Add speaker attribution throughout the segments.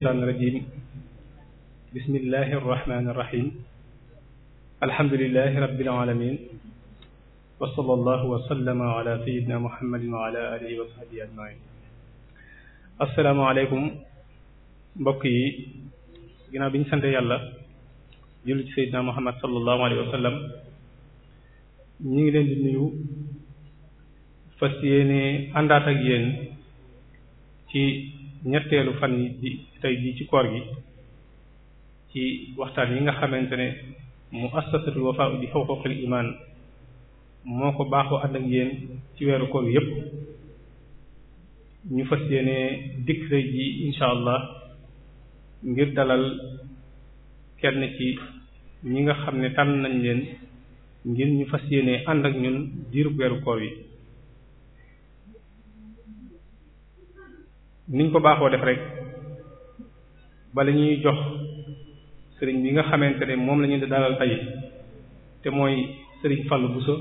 Speaker 1: الشيطان الرجيم بسم الله الرحمن الرحيم الحمد لله رب العالمين وصلى الله وسلم على سيدنا محمد وعلى آله وصحبه أجمعين السلام عليكم mbokk yi ginnaaw bi ñu sant yàlla jullu ci Seydina Muhammad sallallahu alayhi wa sallam ñu ngi leen di nuyu fas yéene àndaat ak yéen ci ñetteelu fan yi di tey jii ci koor gi ci waxtaan yi nga xamante ne mu assasatul wafa bi xuquqil iman moo ko baaxoo ànd ak yéen ci weeru koor gi yépp ñu fas yéene dikk tey jii insha allah ngir dalal kenn ci ñi nga xam ne tànn nañ leen ngir ñu fas yéene ànd ak ñun diirub weeru koor yi niñ ko baaxoo def rek bala ñuy jox sëriñ bi nga xamante ne moom la ñu dalal te mooy sëriñ Fallou Bousso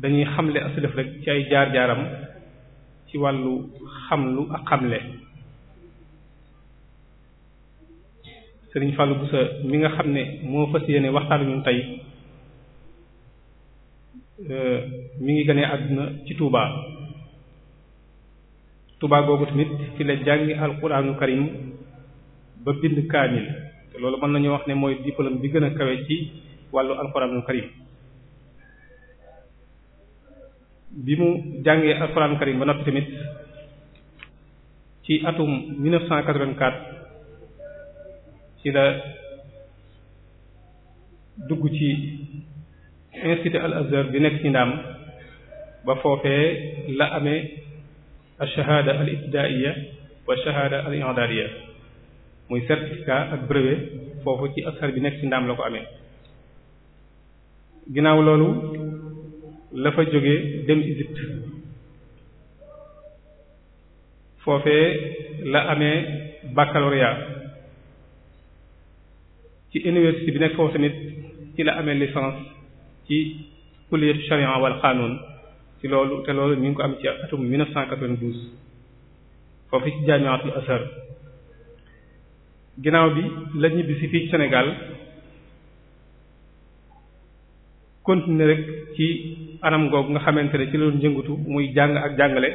Speaker 1: dañuy xamle asilëf rek ci ay jaar-jaaram ci wàllu xamlu ak xamle sëriñ Fallou Bousso mi nga xam ne moo fas yéene waxtaan ñun tey euh, mu ngi gënee àdduna ci Touba. Touba googu tamit ci la jàngi alquraanu karim ba bind kaamil te loolu mën nañu wax ne mooy diplôme bi gën a kawe ci wàllu alquraanu karim bi mu jàngee alquraanu karim ba noppi tamit ci atum 1984 ci la dugg ci institut al bi nekk ci ndaam ba foofee la amee ash-shahaada al-ibtidaaiya wa ash-shahaada al-i'daadiya muy certificat ak brevet foofu ci asar bi nekk ci ndaam la ko amee ginnaaw loolu la fa jógee dem Égypte foofee la amee baccalauréat ci université bi nekk foofu tamit ci la amee licence ci kulliyatu sharia wal qanun ci loolu te loolu ñu ngi ko am ci atum 1992 foofu ci jaamiatul Azhar ginnaaw bi la ñibbi si fii ci Sénégal continuer ci anam googu nga xamante ne ci loolu doon muy jàng ak jàngale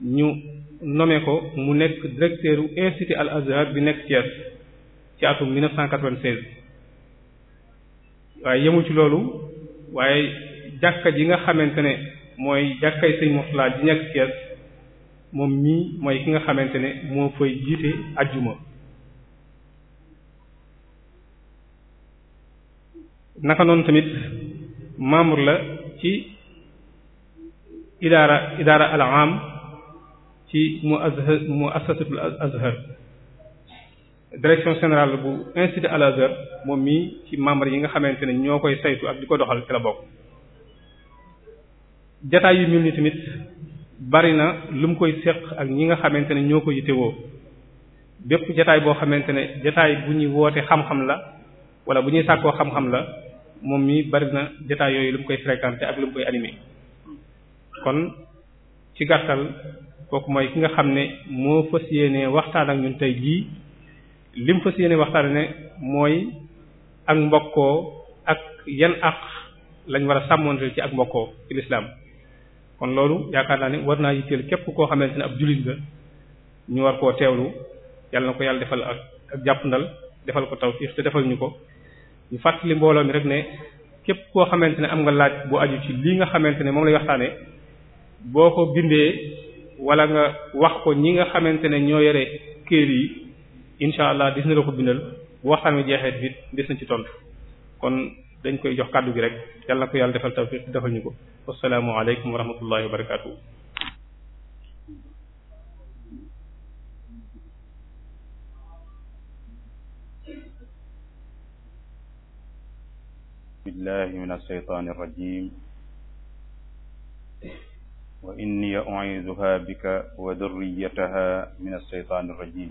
Speaker 1: ñu nome ko mu nekk directeur u institut Al Azhar bi nekk Thiès ci atum 1996 waaye yemu ci loolu waaye. jàkka ji nga xamante ne mooy jàkkay sëñ Murtala ji nekk Kees moom mii mooy ki nga xamante ne moo fay jiite ajjuma naka noonu tamit membre la ci idaara idaara al am ci mu azhar mu assasatul azhar direction générale bu institut al azhar moom mii ci membre yi nga xamante ne ñoo koy saytu ak di ko doxal ci la bokk jataay yu mel ni tamit bari na lu mu koy séq ak ñi nga xamante ne ñoo ko yitewoo bépp jataay boo xamante ne jataay bu ñuy woote xam-xam la wala bu ñuy sàkkoo xam-xam la moom mi bari na jataay yooyu lu mu koy fréquenté ak lu mu koy animé kon ci gàttal kooku mooy ki nga xam ne moo fas yéenee waxtaan ak ñun tey jii lim fas yéenee waxtaan ne mooy ak mbokkoo ak yan àq lañ war a sàmmoonte ci ak mbokkoo ci lislaam kon loolu yaakaar naa ne war naa yitteel képp koo xamante ne ab jullit nga ñu war koo teewlu yàlla na ko yàlla defal ak jàpp ndal defal ko taw tawfiix te defaluñu ko ñu fàttali mbooloo mi rek ne képp koo xamante ne am nga laaj bu aju ci lii nga xamante ne moom lay waxtaane boo ko bindee wala nga wax ko ñi nga xamante ne ñoo yore kër yi incha allah dis na la ko bindal bu waxtaan wi jeexee it dis na ci tontu kon dañ koy jox kàddu gi rek yàlla ko yàlla defal tawfiq defal ñu ko wasalaamu aleykum wa rahmatullahi wa barakaatu.
Speaker 2: billahi min alsheytaani irrajim wa inni u'iiduha bika wa durriyataha min alsheytaani irrajim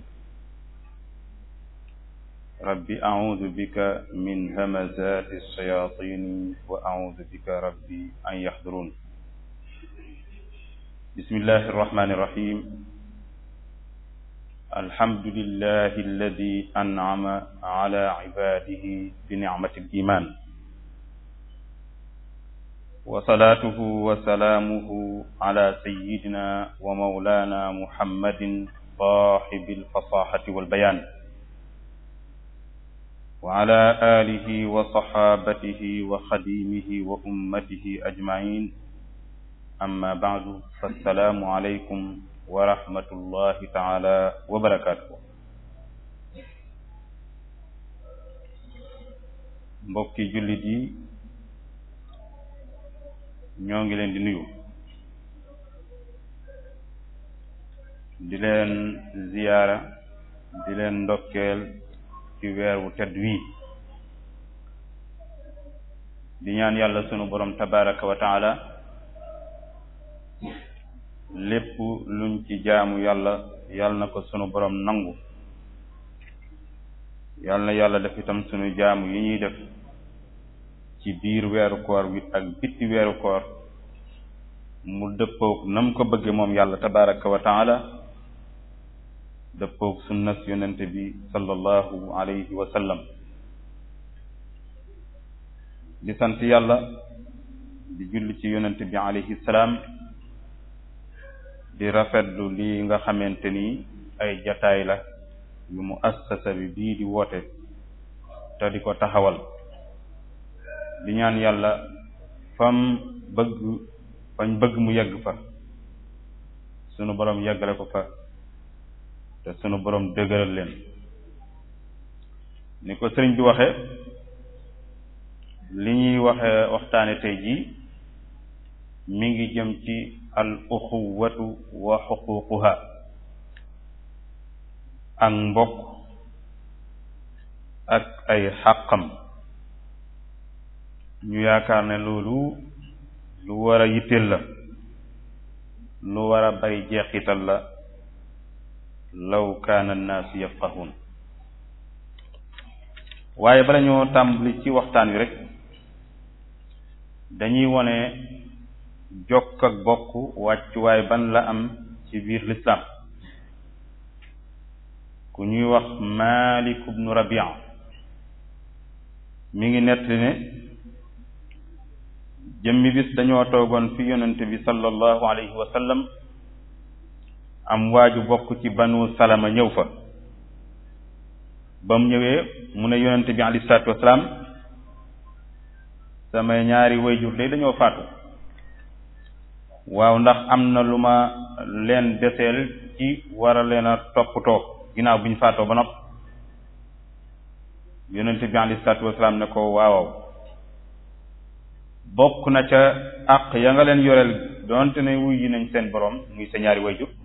Speaker 2: rabbi audu bika min hamazati sayatini wa audu bika rabbi an yaxdurun bismillahi arrahmani irrahim alhamdulillahi alladi an'ama ala ibadihi bi nicmati aliman wa salaatuhu wa salaamuhu ala sayyidina wa mawlana muhammadin saaxibi alfasaxati walbayaan وعلى آله وصحابته وخديمه وأمته أجمعين أما بعد فالسلام عليكم ورحمة الله تعالى وبركاته mbokki jullit yi ñoo ngi leen di nuyu di leen ziyaara di leen ndokkeel ci weer wu tedd wii di ñaan yàlla sunu borom tabaraka wa taala lépp luñ ci jaamu yàlla yàlla na ko sunu borom nangu yàlla na yàlla def itam sunu jaamu yi ñuy def ci biir weeru koor wi ak bitti weeru koor mu dëppoo nam ko bëggee moom yàlla tabaraka wa taala dëppoog sunnas yonente bi sallallahu alayhi wa di sant yàlla di julli ci yonente bi alayhi salaam di rafetlu lii nga xamante ni ay jataay la yu mu assasa bi bii di woote te di ko taxawal di ñaan yàlla fam bëgg fañ bëgg mu yegg fa sunu boroom yeggale ko fa sunu borom dëgëral leen ni ko sëriñ bi waxe li ñuy waxe waxtaane tey jii mi ngi jëm ci al wa xuququha ak mbokk ak ay xàqam ñu yaakaar ne loolu lu war yitteel la lu war a bari jeexital la law kaana annaasu yafqahuun waaye bala ñoo tàmbali ci waxtaan wi rekk dañuy wone jokk ak bokk wàccuwaay ban la am ci biir lislaam ku ñuy wax Maalik ibnu Rabia mi ngi nettali ne jëmmi bis dañoo toogoon fi yonente bi sallallahu alayhi wa am waa ju bokk ci banu salama ñëw fa ba mu ñëwee mu ne yonent bi alayhi salaatu wasalaam samay ñaari wayjur day dañoo faatu waaw ndax am na lu ma leen deseel ci war a leen a toppatoo ginnaaw bi ñu faatoo ba nopp yonent bi alayhi salaatu wasalaam ne ko waawaw bokk na ca àq ya nga leen yoreel doonte ne wuy yi nañ seen borom muy sa ñaari wayjur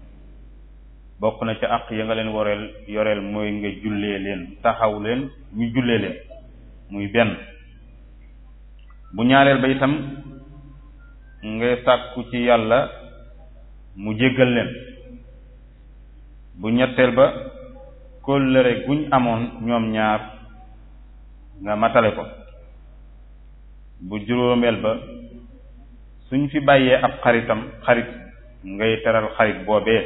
Speaker 2: bokk na ca àq ya nga leen wareel yoreel mooy nga jullee leen taxaw leen ñu jullee leen muy benn bu ñaareel ba itam nga sàkku ci yàlla mu jéggal leen bu ñetteel ba kóllëre guñ amoon ñoom ñaar nga matale ko bu juróomeel ba suñ fi bàyyee ab xaritam xarit ngay teral xarit boobee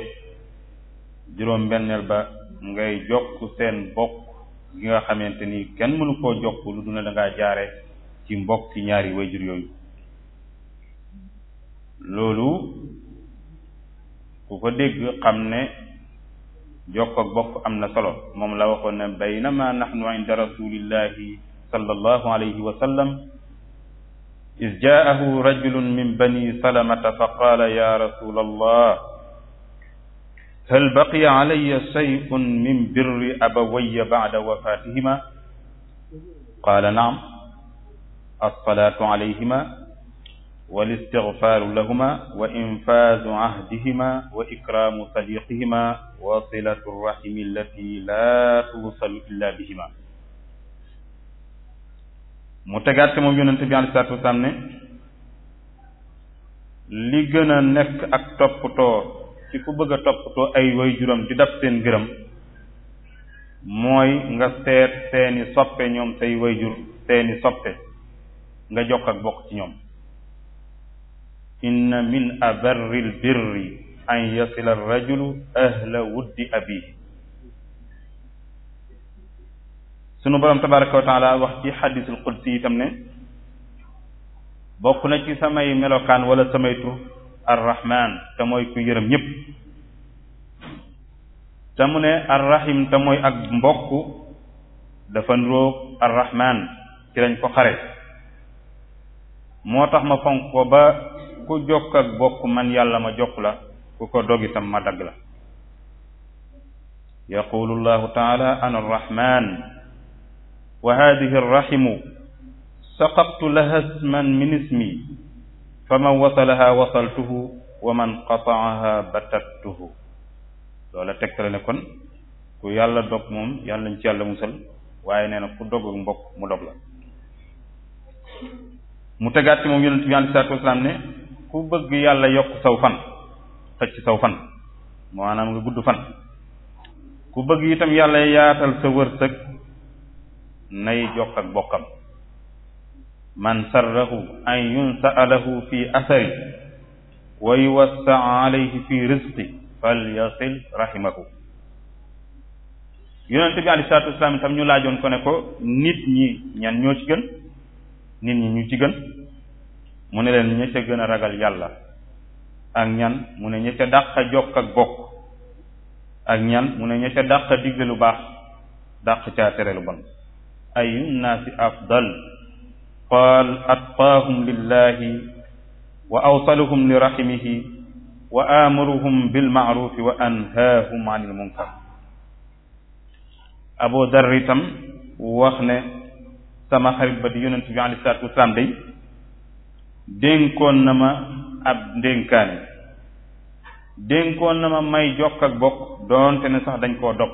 Speaker 2: juróom benneel ba ngay jokk seen bokk gi nga xamante ni kenn mënu koo jokk lu duna da ngaa jaare ci mbokki ñaari wayjur yooyu loolu ku ko dégg xam ne jokk ak bokk am na solo moom la waxoon ne baynama nahnu inda rasulillahi sallallahu alayhi wa sallam iz jaahu min bani salamata fa qaala ya rasul allah hal baqiya alayya shay'un min birri abawayya ba'da wafatihima qaala naam alsalaatu alayhima walistigfaaru lahuma wa infaazu ahdihima wa ikraamu sadiqihima wa silatu rrahimi allati laa tuusalu illa bihima mu tegaat te moom yonente bi alei salatu wasalaam ne li gën a nekk ak toppatoo ci ku bëgg a toppatoo ay way juróom di daf seen ngërëm mooy nga seet seeni soppe ñoom say way jur seeni soppe nga jokk ak bokk ci ñoom inna min abarril birri an yasila rajulu ahla wuddi abihi sunu borom tabaraka wa taala wax ci xadisul qudsi itam ne bokk na ci samay melokaan wala samay tur arrahman te mooy ku yërëm ñëpp te mu ne arrahim te mooy ak mbokk dafa nróog arrahman ci lañ ko xare moo tax ma fonk ba ku jokk ak bokk man yàlla ma jokk la ku ko dog itam dagg la yaqulu llahu taala ana arrahman wa hadihi arrahimu saqaqtu laha isman min ismi fa man wasalaha wasaltuhu wa man qataaha batattuhu loola tegtale ne kon ku yàlla dog moom yàlla nañ ci yàlla musal waaye nee na ku dog ak mbokk mu dog la mu tegaat ci moom yonent bi alei salatu ne ku bëgg yàlla yokk saw fan toj ci saw fan maanaam nga gudd fan ku bëgg itam yàlla yaatal sa wërsëg nay jokk ak bokkam man sarrahu an yunsa'a lahu fi athari wa yuwassa'a alayhi fi rizqi falyasil rahimahu yonente bi alayhi salaatu wasalaam itam ñu laajoon ko ne ko nit ñi ñan ñoo ci gën nit ñi ñu ci gën mu ne leen ña ca gën a ragal yàlla ak ñan mu ne ña ca dàq a jokk ak bokk ak ñan mu ne ña ca dàq a digle lu baax dàq caa tere lu bon ayun naasi afdal qaal atqaahum lillahi wa awsaluhum li raximihi wa aamaruhum bilmaarufi wa anhaahum an il munkar abu dar itam wax ne sama xarit ba di yonent bi alei salatu wasalaam day dénkoon na ma ab ndénkaane dénkoon na ma may jokk ak bokk doonte ne sax dañ koo dog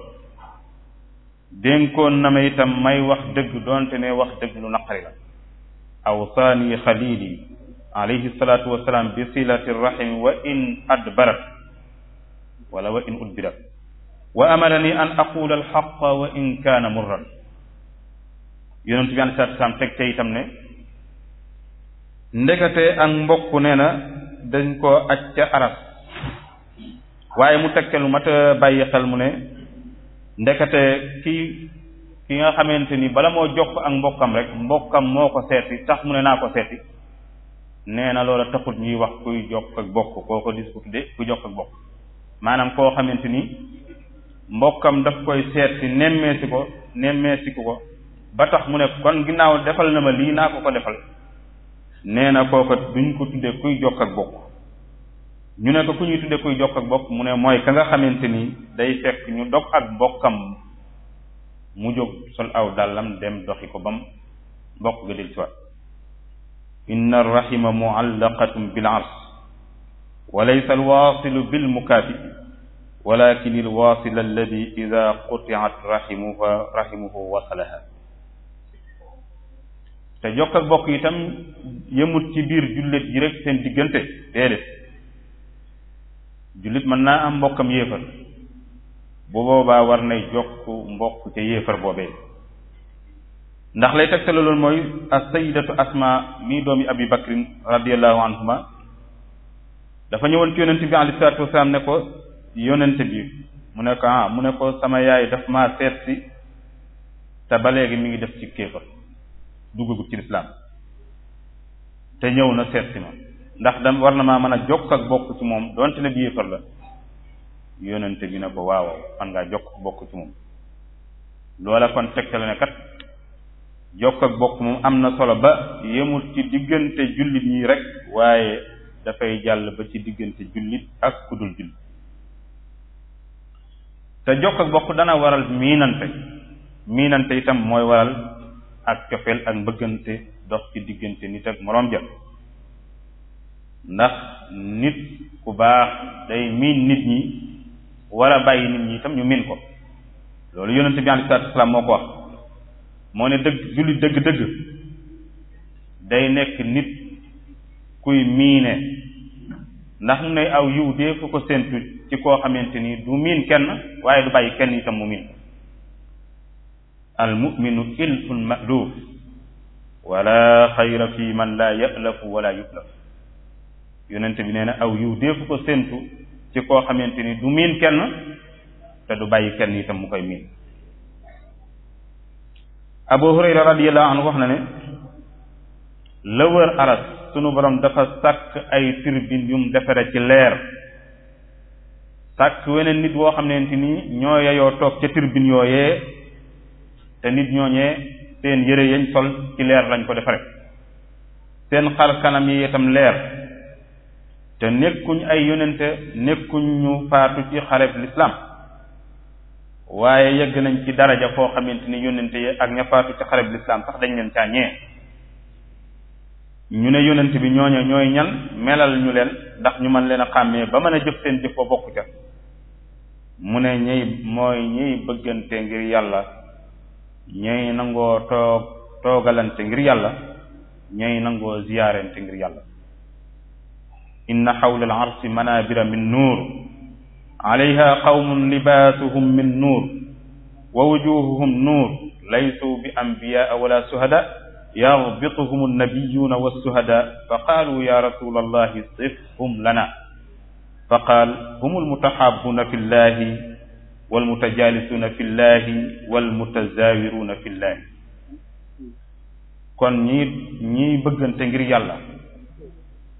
Speaker 2: dénkoon na ma itam may wax dëgg doonte ne wax dëgg lu naqari la awsaani xalili alayhi salaatu wasalaam bi silati rahimi wa in adbarat wala wa in udbirat wa amarani an aqula alxaqa wa in kaana murran yonent bi alayhi salaatu wasalaam teg te itam ne ndekete ak mbokk nee na dañ koo aj ca aras waaye mu tegte lu mat a bàyyi xel mu ne ndekete kii ki nga xamante ni bala moo jokk ak mbokkam rek mbokkam moo ko seeti tax mu ne naa ko seeti nee na loola taxul ñuy wax kuy jokk ak bokk koo ko dis ko tudde ku jokk ak bokk maanaam koo xamante ni mbokkam daf koy seeti nemmeesi ko nemmeesiku ko ba tax mu ne kon ginnaaw defal na ma lii naa ko ko defal nee na kooka duñ ko kuy jokk ak ñu ne ko ku ñuy tudde kuy jokk ak bokk mu ne mooy ka nga xamante ni day fekk ñu dog ak mbokkam mu jóg sol aw dàllam dem doxi ko bam mbokk ga del siwaat inna rahima muallaqatun bil ars wa laysa alwaasilu bil mukaafi walakin alwaasila alladi ida qutiat rahimuha rahimuhu wasalaha te jokk ak bokk itam yëmut ci biir jullit yi rek seen diggante déedéet jullit mën naa am mbokkam yéefar bu boobaa war nay jokk mbokk ca yéefar boobee ndax lay tegtale loolu mooy as-sayyidatu asma mii doomi abi bakrin radiallahu anhuma dafa ñëwoon ci yonent bi alayhi salaatu wasalaam ne ko yonent bi mu ne ko ah mu ne ko sama yaay daf maa seet te ba léegi mi ngi def ci kéefar duggagut ci lislaam te ñëw na seet ma ndax dam war na maa mën a jokk ak bokk ci moom donte ne bi yéefar la yonente bi na ko waaw fan ngaa jokk bokk ci moom loola kon tegtale ne kat jokk ak bokk moom am na solo ba yemul ci diggante jullit ñi rekk waaye dafay jàll ba ci diggante jullit ak kudul jullit te jokk ak bokk dana waral miinante miinante itam mooy waral ak cofeel ak mbëggante dox ci diggante nit ak moroom ja ndax nit ku baax day miin nit ñi war bàyyi nit ñi itam ñu min ko loolu yonente bi alayhi salaatu wasalaam moo ko moo ne dëgg jullit dëgg-dëgg day nekk nit kuy miine ndax mu ne aw yiw dee fu ko séentu ci koo xamante ni du miin kenn waaye du bàyyi kenn itam mu miin al muminu ilfun maluf wala xayra fi man laa yalafu wala yuklaf yonente bi nee na aw yiw dee fu ko séentu ci koo xamante ni du miin kenn te du bàyyi kenn itam mu koy miin abu hurayra radiyallahu anhu wax na ne la wër aras sunu borom dafa sàkk ay turbine yum defare ci leer sàkk weneen nit woo xamante ni ñoo yeyoo toog ca turbine yooyee te nit ñooñee seen yëre yañ sol ci leer lañ ko defare seen xar kanam yi itam leer te nekkuñ ay yonente nekkuñ ñu faatu ci xareb lislaam waaye yegg nañ ci daraja foo xamante ni yonente yi ak ña faatu ci xareb lislaam sax dañ leen caa ñee ñu ne yonent bi ñooñu ñooy ñan melal ñu leen ndax ñu man leen a xàmmee ba mën a jëf seen jëf ba bokk ca mu ne ñey mooy ñey bëggante ngir yàlla ñey nangoo toog ngir yàlla ñey nangoo ziyaarante ngir yàlla inna xawla al arsi manaabira min nuur alayha qawmun libaasuhum min nuur wa wujuhuhum nuur laysu bi ambiyaa wala suhada yarbituhum annabiyuuna wassuhada fa qaalu ya rasula allahi sifhum lana fa qaal hum almutahabuuna fi llahi walmutajaalisuuna fi llahi walmutazaawiruuna fi llahi kon ñii ñii bëggante ngir yàlla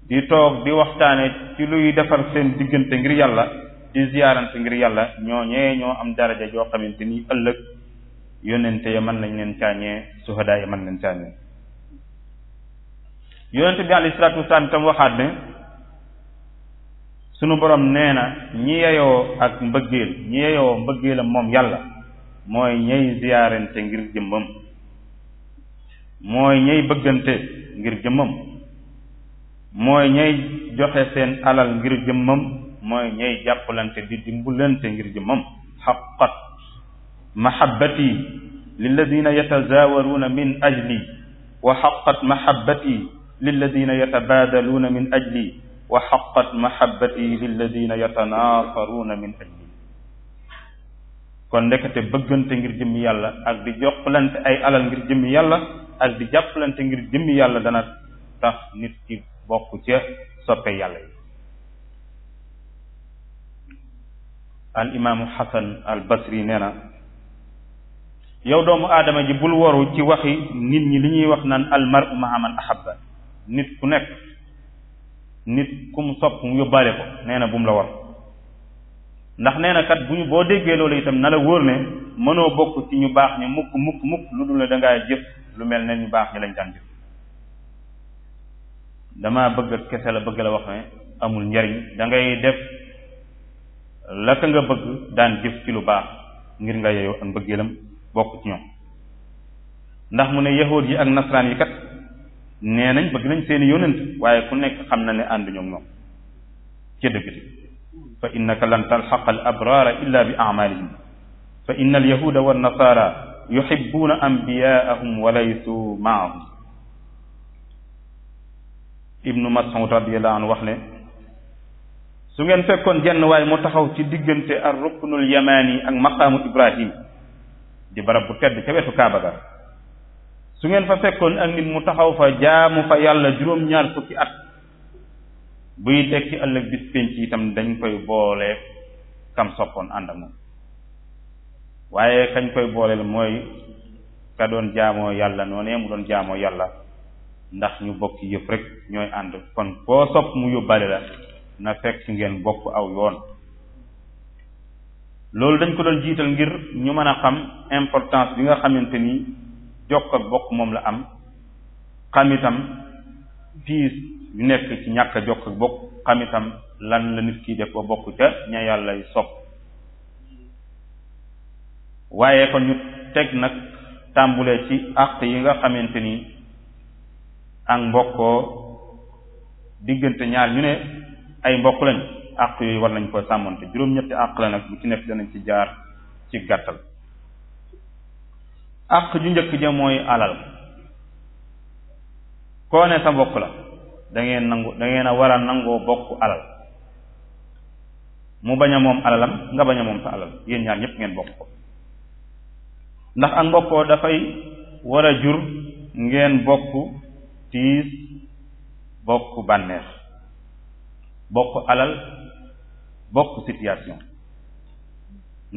Speaker 2: di toog di waxtaane ci luy defar seen diggante ngir yàlla di ziyaarante ngir yàlla ñooñee ñoo am daraja joo xamante ni ëllëg yonente ya mën nañ leen caañee suhadaa ya mën nañ caañee yonente bi alayhi waxaat ne sunu boroom neena na ñi yeyoo ak mbëggeel ñi yeyoo mbëggeelam moom yàlla mooy ñey ziyaarante ngir jëmmam mooy ñey bëggante ngir jëmmam mooy ñay joxe seen alal ngir jëmmam mooy ñay jàppalante di dimbulante ngir jëmmam xaqat mahabbati lilladina yatazawaruuna min ajli wa xaqat mahabbati lilladina yatabadaluuna min ajli wa xaqat mahabbati lilladina yatanaafaruuna min ajli kon ndekete bëggante ngir jëmmi yàlla ak di jokkalante ay alal ngir jëmmi yàlla ak di jàppalante ngir jëmmi yàlla dana tax nit bokk ca soppe yàlla yi al imaamu xasan al basri nee na yow doomu aadama ji bul waru ci waxi nit ñi li ñuy wax naan al mar'u ma'a man ahabba nit ku nekk nit ku mu sopp mu yóbbaale ko nee na bu mu la war ndax nee na kat bu ñu boo déggee loolu itam na la wóor ne mënoo bokk ci ñu baax ñi mukk mukk mukk lu dul ne dangaa jëf lu mel ne ñu baax ñi lañ daan jëf dama bëgg kese la bëgg la wax ne amul njariñ da ngay def la ka nga bëgg daan jëf ci lu baax ngir nga yeyoo ak mbëggeelam bokk ci ñoom ndax mu ne yahuud yi ak nasaraan yi kat nee nañ bëgg nañ seeni yonent waaye ku nekk xam na ne ànduñu ak ñoom ci dëgg ti fa innaka lan talxaqa al abraara illa bi amalihim fa inna al yahuda wa nasaara yuxibuuna ambiyaahum wa laysu maahum ibnu Mas'ud radiyallahu anhu wax ne su ngeen fekkoon jenn waaye mu taxaw ci diggante ar ruknul yamani ak maqaamu Ibrahim di barab bu tedd ca wetu Kaaba ga su ngeen fa fekkoon ak nit mu taxaw fa jaamu fa yàlla juróom-ñaar fukki at buy tekki ëllëg bis penc itam dañ koy boole kam soppoon ànd ak moom waaye kañ koy booleel mooy ka doon jaamoo yàlla noonee mu doon jaamoo yàlla ndax ñu bokk yëpp rek ñooy ànd kon koo sopp mu yóbbaale la na fekk ngeen bokk aw yoon loolu dañ ko doon jiital ngir ñu mën a xam importance bi nga xamante ni jokk ak bokk moom la am xam itam piis nekk ci jokk bokk xam lan la nit kiy def ba bokk ca ña yàlla sopp waaye kon ñu teg nag tàmbulee ci àq yi nga xamante ni ak mbokkoo diggante ñaar ñu ne ay mbokk lañ àq yooyu war nañ ko sàmmante juróom-ñetti àq la nag bu ci nekk danañ ci jaar ci gàttal àq ju njëkk ja mooy alal koo ne sa mbokk la dangeen ngeen nangu da ngeen a war a nangoo bokk alal mu baña moom alalam nga bañ a moom sa alal yéen ñaar ñëpp ngeen bokk ko ndax ak mbokkoo dafay war jur ngeen bokk tiis bokk bànneex bokk alal bokk situation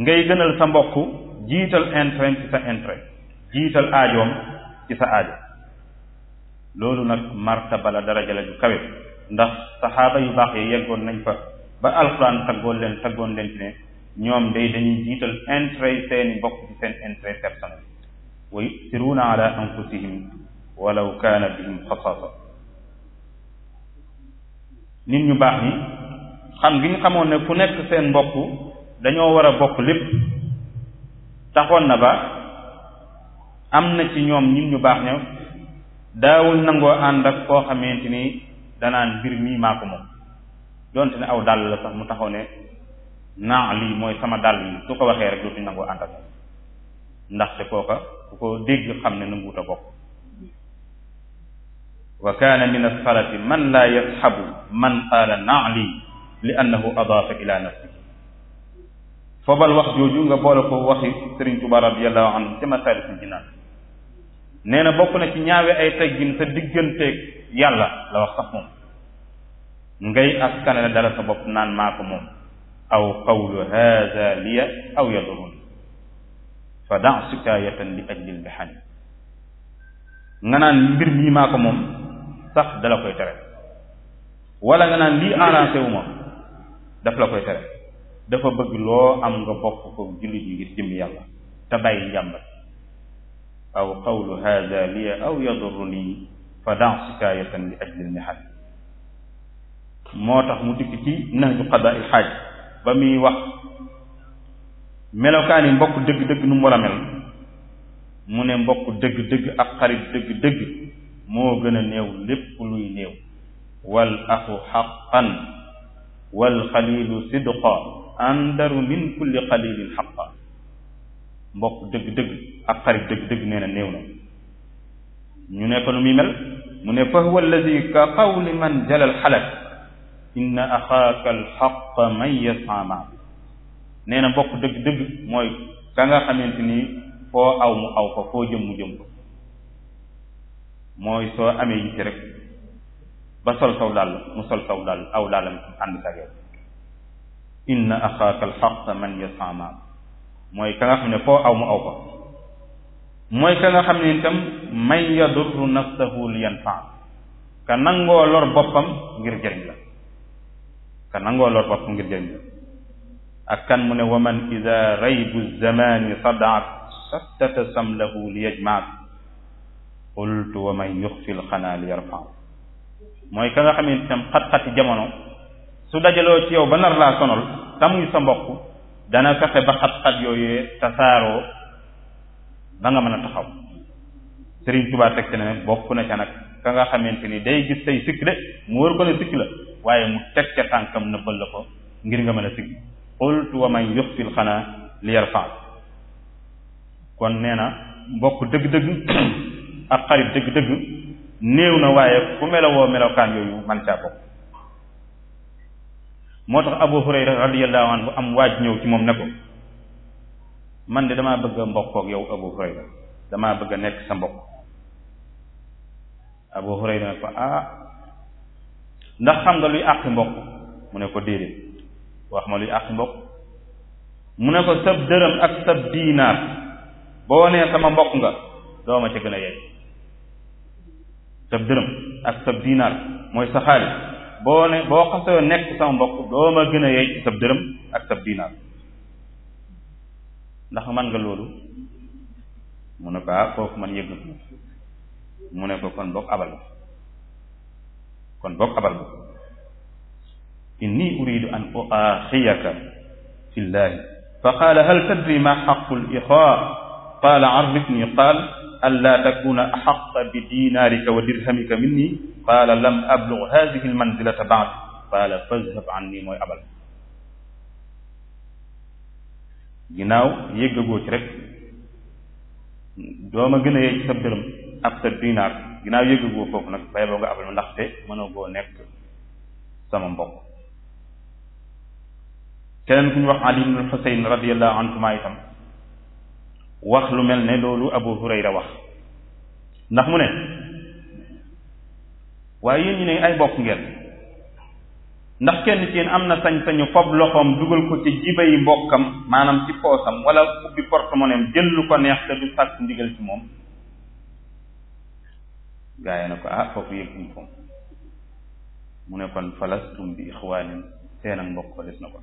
Speaker 2: ngay gënal sa mbokk jiital intérêt ci sa intérêt jiital aajoom ci sa aajo loolu nag martaba la daraja lañu ju ndax saxaaba yu baax yi yeggoon nañ fa ba alxuraan taggoon leen taggoon leen ci ne ñoom day dañuy jiital intérêt seeni mbokk ci seen intérêt personnel wa yusiruuna ala anfusihim walaw kaana bihim xasaasa nit ñu baax ñi xam gi ñu xamoon ne ku nekk seen mbokk dañoo war a bokk lépp taxoon na ba am na ci ñoom nit ñu baax ña daawul nangoo ànd ak koo xamante ni danaan mbir mii maa ko moom donte ne aw dàll la sax mu taxaw ne naa lii mooy sama dàll yi su ko waxee rek dootuñ nangoo ànd ak ndaxte kooka ku ko dégg xam ne nanguwut a bokk wa kaana min alsalafi man laa yasxabu man qaala naali li annahu adaafa ila nafsihi fobal wax jooju nga boole ko waxi sëriñ Tuubaa radiyallahu anhu ci masaalikul jinaan nee na bokk na ci ñaawe ay teggin sa digganteeg yàlla la wax sax moom ngay askanale dara sa bopp naan maa ko moom aw qawlu haada liya aw yadurun fa da sikaayatan li ajlil bihani nga naan mbir mii maa ko moom sax dala koy tere walla nga naan lii arrangé daf la koy tere dafa bëgg loo am nga bokk ko jullit ñi ngir jëm yàlla te bàyyi njàmbat aw qawlu hada aw yadurru nii fa dan sikaayatan li ajli lmihal moo tax mu dikk ci nahju qadail xaaj ba muy wax melokaani mbokk dëgg-dëgg nu mu war a mel mu ne mbokk dëgg-dëgg ak xarit dëgg-dëgg moo gën a néew lépp luy néew wal axu xaqan wal xalilu sidqa andaru min kulli xalilin xaqa mbokk dëgg-dëgg ak xarit dëgg-dëgg nee na néew na ñu ne ko nu muy mel mu ne fa huwa alladi ka qawli man jalal xalak inna axaaka alxaqa man yasaa maa nee na mbokk dëgg-dëgg mooy ka nga xamante ni foo aw mu aw fa foo jëm mu jëm fa mooy soo amee yitte rek ba sol saw dàll mu sol saw dàll aw dàllam ànd ak yow inna axaaka alxaq man yasama mooy ka nga xam ne foo aw mu aw ko mooy ka nga xam ne itam man yadurru nafsahu li yanfaa ka nangoo lor boppam ngir jëriñ la ka nangoo lor boppam ngir jëriñ la ak kan mu ne waman ida raybu zamani sadaat sattata samlahu li yajmaak qultu wa man yuxfil xanaa li yarfaaw mooy ka nga xam tam xat-xati jamono su dajaloo ci yow ba nar laa sonal tamuy sa mbokk dana fexe ba xat-xat yooyee tasaaroo ba nga mën a taxaw Sëriñ Tuubaa teg ci ne bokk na ca nag ka nga xamante ni day gis say sikk de mu wër ko sikk la waaye mu teg ca tànkam nëbbal la ko ngir nga mën a sikk qultu wa man yuxfil xanaa li yarfaaw kon nee na mbokk dëgg-dëgg ak xarit dëgg-dëgg néew na waaye ku melowoo melokaan yooyu man caa moo tax Abu Hurayra radiyallahu anhu am waaj ñëw ci moom ne ko man de damaa bëgg a mbokkook yow Abu Hurayra damaa bëgg a nekk sa mbokk Abu Hurayra ne ko ah ndax xam nga luy àqi mbokk mu ne ko déedéet wax ma luy àqi mbokk mu ne ko sab dërëm ak sab diinaar boo nee sama mbokk nga doo ma ca gën sab dërëm ak sab diinaar mooy sa xaalis boo ne boo xasoo nekk sama mbokk doo ma gën a yeey ci sab dërëm ak sab diinaar ndax man nga loolu mu ne ko ah kooku man yëg mu ne ko kon boog abal ba kon boog abal ba inni uridu an uaxiyaka fi llahi fa qaala hal tadri ma xaqu l iqa qaala arifni qaal an laa takuna axaqa bi dinaarika wa dirhamika minni qaala lam ablug hadihi almanzilata baad qaala fazhab anni mooy abal ginnaaw yëggagoo ci rek dooma gën a yee ci sa dërëm ak sa dinaar ginnaaw yëggagoo foofu nag bay boo nga abal ma ndaxte mënagoo nekk sama mbokk keneen ku ñu wax Ali ibn al Xuseyn radiallahu anhuma itam wax lu mel ne loolu Abu Hurayra wax ndax mu ne waaye yéen ñu ne ay bokk ngeen ndax kenn ci am na sañ-sañu fob loxoom dugal ko ci jiba yi mbokkam maanaam ci poosam wala ubbi portemonnaie jël lu ko neex te du sàkk ndigal ci moom gaa na ko ah foofu yëgguñ ko mu ne kon falastum bi seen ak mbokk des na kon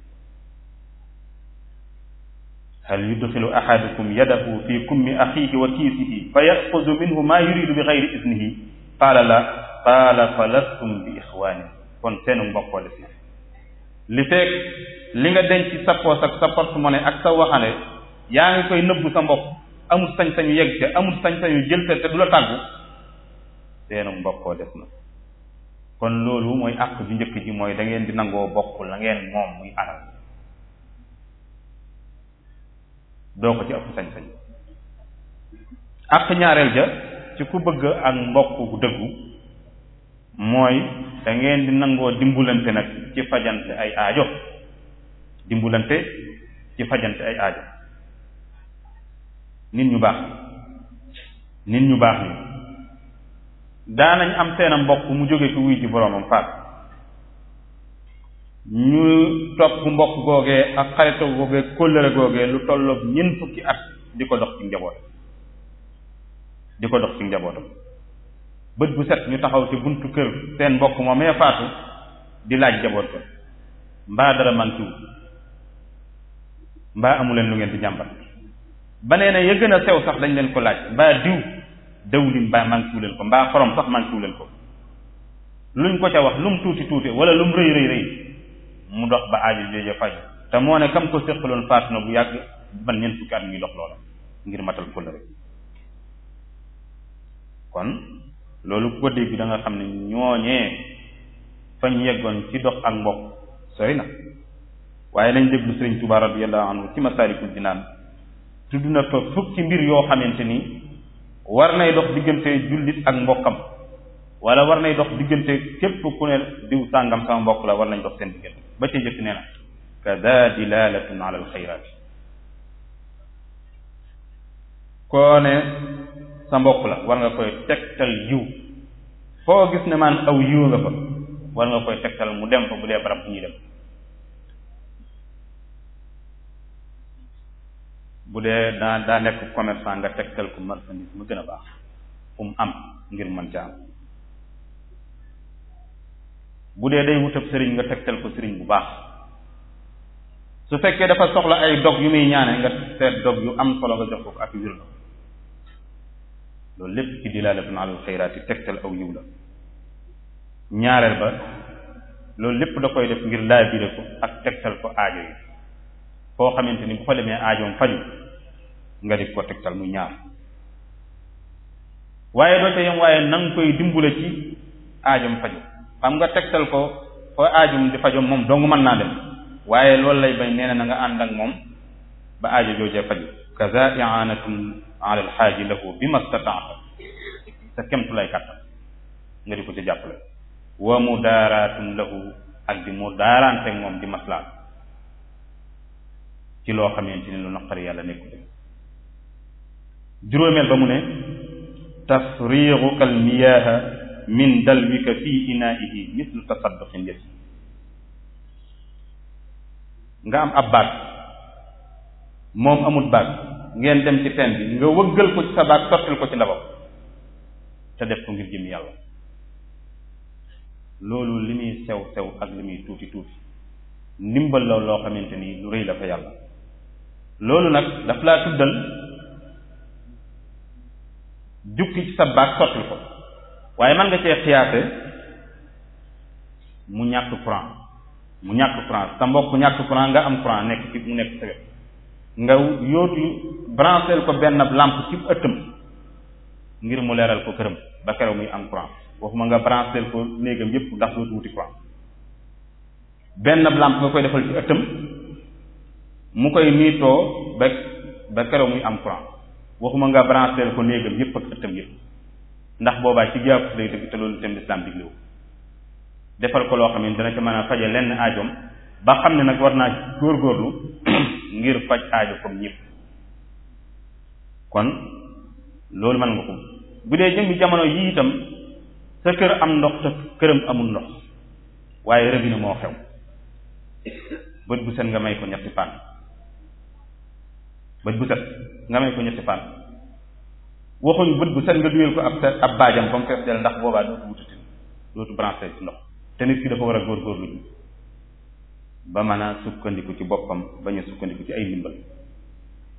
Speaker 2: hal yudxilu axadukum yadahu fi kummi axiihi wa kiisihi fa yaxuzu minhu maa yuridu bi xayri isnihi qaala la qaala fa lastum bi ixwaani kon seenu mbokkoo def li feeg li nga denc sa poos ak sa porte-monnaie ak sa waxale yaa ngi koy nëbbu sa mbokk amul sañ-sañu yegg ca amul sañ-sañu jël te du la tàggu seenu mbokkoo def na kon loolu mooy àq bi njëkk ji mooy da ngeen di nangoo bokk la ngeen moom muy alal doo ko ci ëpp sañ-sañ ak ñaareel ja ci ku bëgg ak mbokk gu dëggu mooy da ngeen di nangoo dimbulante nag ci fajante ay aajo dimbulante ci fajante ay aajo nit ñu baax nit ñu baax ni daanañ am seen mbokk mu jóge fi wuy ci boroomam faat ñu topp mbokk googee ak xarito googee kóllëre googee lu tolloog ñeent fukki at di ko dox ci njabootam di ko dox ci njabootam bët bu set ñu taxaw ci buntu kër seen mbokk moomee faatu di laaj njaboot ko mbaa dara mantiw mbaa amuleen lu ngeen di jàmbat ba nee na ya gën a sew sax dañ leen ko laaj mbaa diw dawlin mbaa mantiw leen ko mbaa xorom sax mantiw leen ko luñ ko ca wax lum tuuti tuuti wala lum rëy rëy rëy mu dox ba aajo jooja faj te moo ne kam ko séqaloon faatu na bu yàgg ban ñeent fukki at muy dox loola ngir matal ko la rek kon loolu ko dégg da nga xam ne ñooñee fañ yeggoon ci dox ak mbokk sori na waaye nañ déglu sëriñ Tuubaa radiyallahu anhu ci Masaalikul Jinaan tudd na fa fukki mbir yoo xamante ni war nay dox diggante jullit ak mbokkam wala war nay dox diggante képp ku ne diw sàngam sama mbokk la war nañ dox seen diggante ba ca jëkk nee na kada dilalatun ala alxayraat koo ne sa mbokk la war nga koy tegtal yiw foo gis ne man aw yiw nga ko war nga koy tegtal mu dem ko bu dee barab bu ñuy dem bu dee daa daa nekk commerçant nga tegtal ko marchandise mu gën a baax fu mu am ngir mën ca am bu dee day wutab sëriñ nga tegtal ko sëriñ bu baax su fekkee dafa soxla ay dog yu muy ñaane nga seet dog yu am solo nga jox ko ak wirdo loolu lépp ci dilaalatun alal xayraati tegtal aw yiw la ñaareel ba loolu lépp da koy def ngir laabire ko ak tegtal ko aajo yi foo xamante ni bu fa demee aajoom faju nga di ko tegtal muy ñaar waaye doo ca yam waaye nanga nga koy dimbale ci aajoom faju xam nga tegtal ko foo aajum di fajo moom dong mën naa dem waaye loolu lay bañ nee na nga ànd moom ba aajo joojee faju kaza i'anatum ala alxaaji lahu bi mastata'ta sa kemtu lay kàttan nga di ko ci wa mudaaraatun lahu ak di mu daaraante moom di maslaat ci loo xamante ni lu naqari yàlla nekku ci juróomeel ba mu ne tafriiru kal min dalwika fii inaihi mislu tasadduqin yëpp nga am ab baat moom amut baat ngeen dem ci teen bi nga wëggal ko ci sa baat sottil ko ci ndabam te def ko ngir jëm yàlla loolu li muy sew sew ak li muy tuuti tuuti ndimbal la loo xamante ni lu rëy la fa yàlla loolu nag daf laa tuddal jukki ci sa baat sottil ko waaye mën nga cee xiyaate mu ñàkk franc mu ñàkk franc sa mbokk ñàkk franc nga am franc nekk ci mu nekk sa wet nga yóotu brancher ko benn lampe ci ëttam ngir mu leeral ko këram ba keroog muy am franc waxuma nga brancher ko néegam yépp ndax dootu wuti franc benn lampe nga koy defal ci ëttam mu koy niitoo ba ba keroog muy am franc waxuma nga brancher ko néegam yépp ak ëttam yépp ndax boobaa ci jaakus lay dëgg te loolu itam lislaam diglewu defal ko loo xam ne dana ci mën a faje lenn aajoom ba xam ne nag war naa góor góorlu ngir faj aajo comme ñëpp kon loolu man nga ko bu dee jëm jamono yi itam sa kër am ndox sa këram amul ndox waaye robinet moo xew bët bu set nga may ko ñetti paan bët bu set nga may ko ñetti paan waxuñ bët bu set nga duyal ko ab set ab baajam comme fees del ndax boobaa dootu wutatin dootu branché ci ndox te nit ki dafa war a góorgóorlu ji ba mën a sukkandiku ci boppam bañ a sukkandiku ci ay ndimbal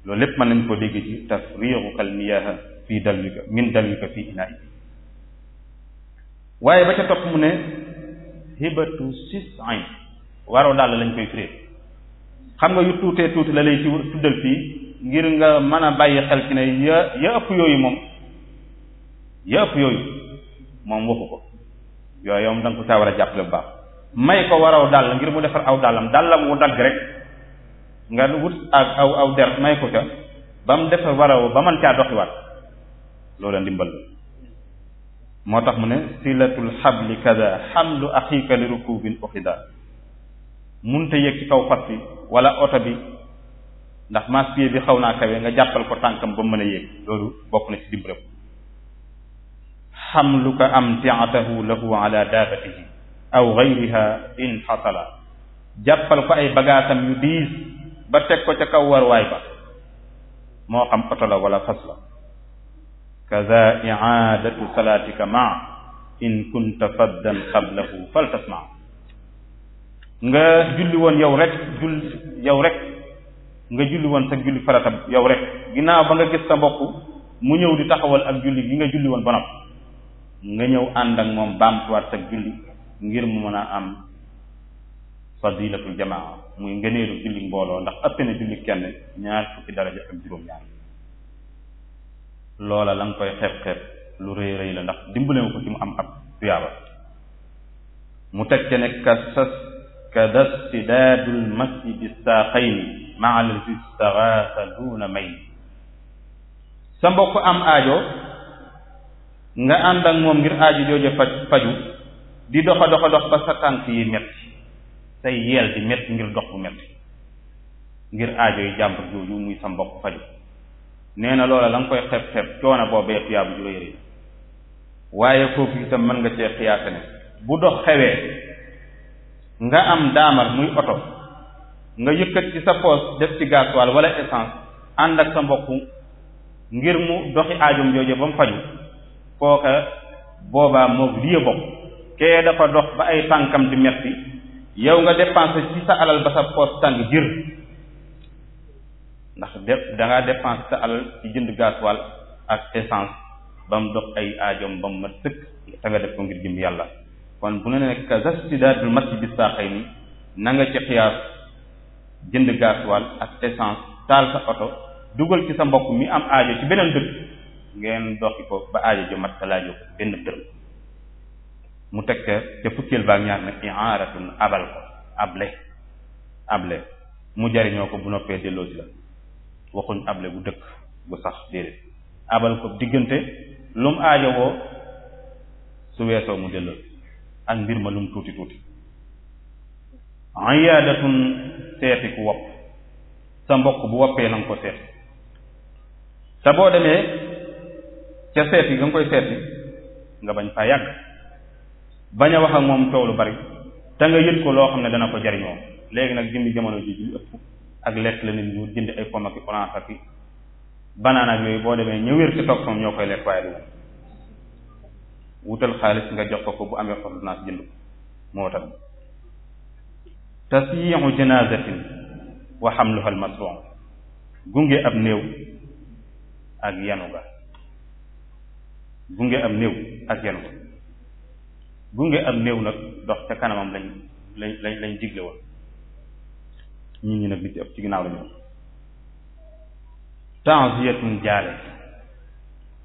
Speaker 2: loolu lépp mën nañ koo dégg ci tasriixukal niyaaha fii dalwika min dalwika fii inaa i waaye ba ca topp mu ne hibatu sisin waroo daal lañ koy firée xam nga yu tuutee tuuti la lay ci tuddal fii ngir nga mën a bàyyi xel ci ne ya ya ëpp yooyu moom ya ëpp yooyu moom waxu ko yooyu moom da nga ko saa war a jàppale bu baax may ko waraw dàll ngir mu defar aw dàllam dàllam wu dagg rek nga wut ak aw der may ko ca ba mu defar waraw ba man caa doxiwaat loola ndimbal la moo tax mu ne silatul xabli kada xamlu axika li rukubin uxida munta yëg ci kaw fas bi wala oto bi ndax masse bi xaw naa kawe nga jàppal ko tànkam ba mën a yéeg loolu bokk na ci dimbalam xamluka amtiatahu lahu ala daabatihi aw gayriha in xasala jàppal ko ay bagaasam yu diis ba teg ko ca kaw warwaay ba moo xam oto la wala fas la kaza i'adatu salaatika ma in kunta faddan qablahu faltasma nga julli woon yow rek jull yow rek nga julli woon sa julli farata yow rek ginnaaw ba nga gis sa mbokk mu ñëw di taxawal ak julli gi nga julli woon ba nga ñëw ànd ak moom baamtuwaat sa julli ngir mu mën a am fadilatul jamaa muy ngëneelu julli mbooloo ndax ëpp na julli kenn ñaar fukki daraja ak juróom-ñaar loola la nga koy xeeb xeeb lu rëy rëy la ndax dimbale nga ko ci mu am ab tuyaaba mu teg ca ne ka kada stidaadu lmasji ma maa allazi stagaasa duuna may sa mbokk am aajo nga ànd ak moom ngir aajo jooje faj faju di doxa doxa dox ba sa tànk yi metti say yeel di metti ngir dox bu metti ngir aajo yi jàmbur jooju muy sa mbokk faju nee na loola la nga koy xeb xeb coono boobee tuyaabu ju rëy waaye foofu itam mën nga cee xiyaasa ne bu dox xewee nga am daamar muy oto nga yëkkat ci sa poos def ci gasoil wala essence ànd ak sa mbokku ngir mu doxi aajum jooju ba mu faju kooka boobaa moog lii bokk kee dafa dox ba ay tànkam di metti yow nga dépensé ci sa alal ba sa poos tàng jër ndax def danga ngaa dépensé sa alal ci jënd gasoil ak essence ba mu dox ay aajom ba mu mat sëkk te nga def ko ngir jëm yàlla kon bu ne ne kasastidaadul masjid bi saaxay ni na nga ci xiyaas jënd gasoil ak essence taal sa oto dugal ci sa mbokk mi am aajo ci beneen dëkk ngeen doxi ko ba aajo ju mat sa laajoo benn dërëm mu teg ca ca fukkeel baak ñaar ne i'aaratun abal ko able able mu jariñoo ko bu noppee delloo la waxuñ able bu dëkk bu sax déedéet abal ko diggante lu mu aajo woo su weesoo mu delloo ak mbir ma lum tuuti tuuti ayaadatun seeti ku wopp sa mbokk bu woppee nag ko seeti te boo demee ca yi nga koy seeti nga bañ faa yàgg bañ a wax ak moom coow lu bari te nga yët ko loo xam ne dana ko jariñoo léegi nag jëndi jamono ji ju ëpp ak lekk la nit ñu jënd ay pomme ak orange ak banaana ak yooyu boo demee ñëwér ci toog moom ñoo koy lekk waaye du wutal xaalis nga jox ko ko bu amee ordonnance jënd ko moo tax tasyiu janazatin wa xamluha al masron gunge ab néew ak yanu ga ab néew ak yanu ga gunge ab néew nag dox ca kanamam lañ lañ lañ lañ digle woon ñit ñi nag li ci ëpp ci ginnaaw lañu tansiyatun jaale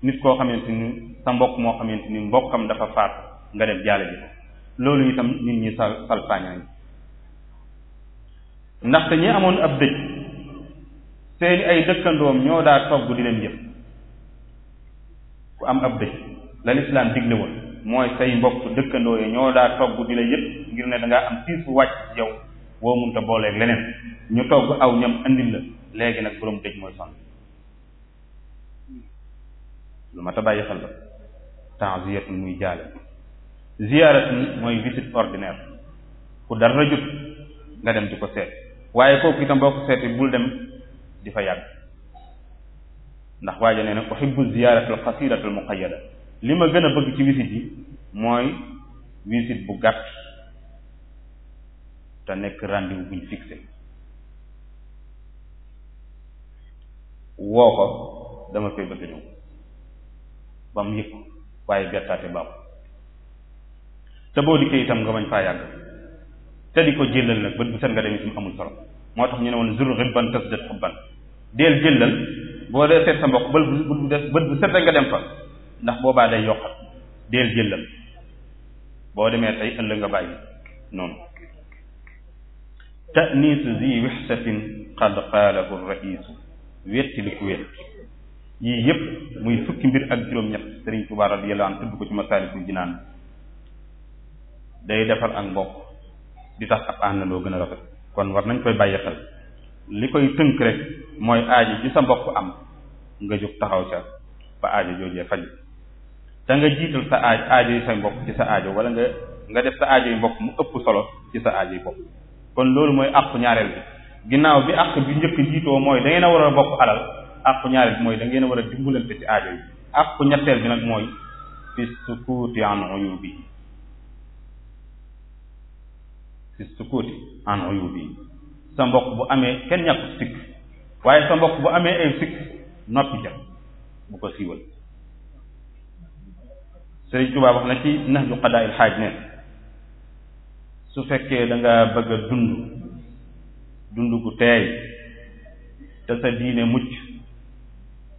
Speaker 2: nit koo xamante ni sa mbokk moo xamante ni mbokkam dafa faat nga dem jaale ji ko loolu itam nit ñi sal salfaañ nañ ndaxte ñi amoon ab dëj seeni ay dëkkandoom ñoo daa togg di leen jëf ku am ab dëj la lislaam woon mooy say mbokk dëkkandoo yi ñoo daa togg di la yëpp ngir ne dangaa am siis bu wàcc ci yow woo munta booleeg leneen ñu togg aw ñam indi la léegi nag boroom dëj mooy sonn lu ma ta bàyyi xel la taaziyatun muy jaale ziyaaratun mooy visite ordinaire ku dara jut nga dem di ko seet waaye kooku itam boo ko seeti bul dem di fa yàgg ndax waaja nee na uhibbu ziyaaratal xasiiratal muqayyada li ma gën a bëgg ci visite yi mooy visite bu gàtt te nekk rendez-vous buñ woo ko dama koy bëgg ñëw ba mu yëg ko waaye bettaate baaxul te boo dikkee itam nga bañ faa yàgg te di ko jëlal nag bët bu set nga dem itam amul solo moo tax ñu ne woon zur ribban tasdat xubban deel jëlal boo dee seet sa mbokk bët bu bët bu set rek nga dem fa ndax boobaa day yokkat deel jëlal boo demee tey ëllëg nga bàyyi noonu ta'niisu zi wixsatin qad qaalahu raisu wetti li ku yii yépp muy fukki mbir ak juróom-ñett Sëriñ Tuubaa radiyallaahu anhu tudd ko ci Masaalikul Jinaan day defal ak mbokk di tax ab àndandoo gën a rafet kon war nañ koy bàyyi xel li koy tënk rek mooy aajo ji sa mbokk am nga jóg taxaw ca ba aajo joojee faj te nga jiital sa aaj aajo yi sa mbokk ci sa aajo wala nga nga def sa aajo yi mbokk mu ëpp solo ci sa aajo yi bopp kon loolu mooy àqu ñaareel bi ginnaaw bi àq bi njëkk jiitoo mooy da ngeen war a bokk alal àqu ñaareel bi mooy da ngeen a war a dimbalante ci aajo yi àqu ñetteel bi nag mooy fi sukuuti an uyubi fi sukuuti an uyubi sa mbokk bu amee kenn ñàkk sikk waaye sa mbokk bu amee ay sikk noppi ca bu ko siiwal Sëriñ Tuubaa wax na ci Nahju Qadaa'il xaaj ne su fekkee da nga bëgg a dund dund gu teey te sa diine mucc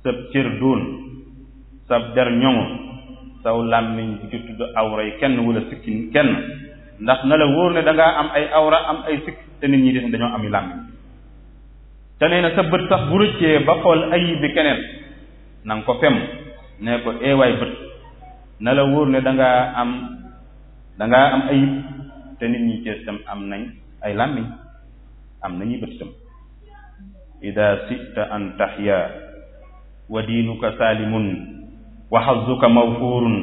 Speaker 2: sab cër duun sab der ñoŋu saw làmmiñ bi ci tudd awra yi kenn wala sikkin kenn ndax na la wóor ne da am ay awra am ay sikk te nit ñi def dañoo am i làmmiñ te nee na sa bët sax bu rëccee ba xool ayib bi keneen na ko fem ne ko eewaay eh, bët na la wóor ne da am da am ayib te nit ñi ci tam am nañ ay làmmiñ am nañuy bët tam ida sita an taxya wa diinuka saalimun wa xazuka mawfuurun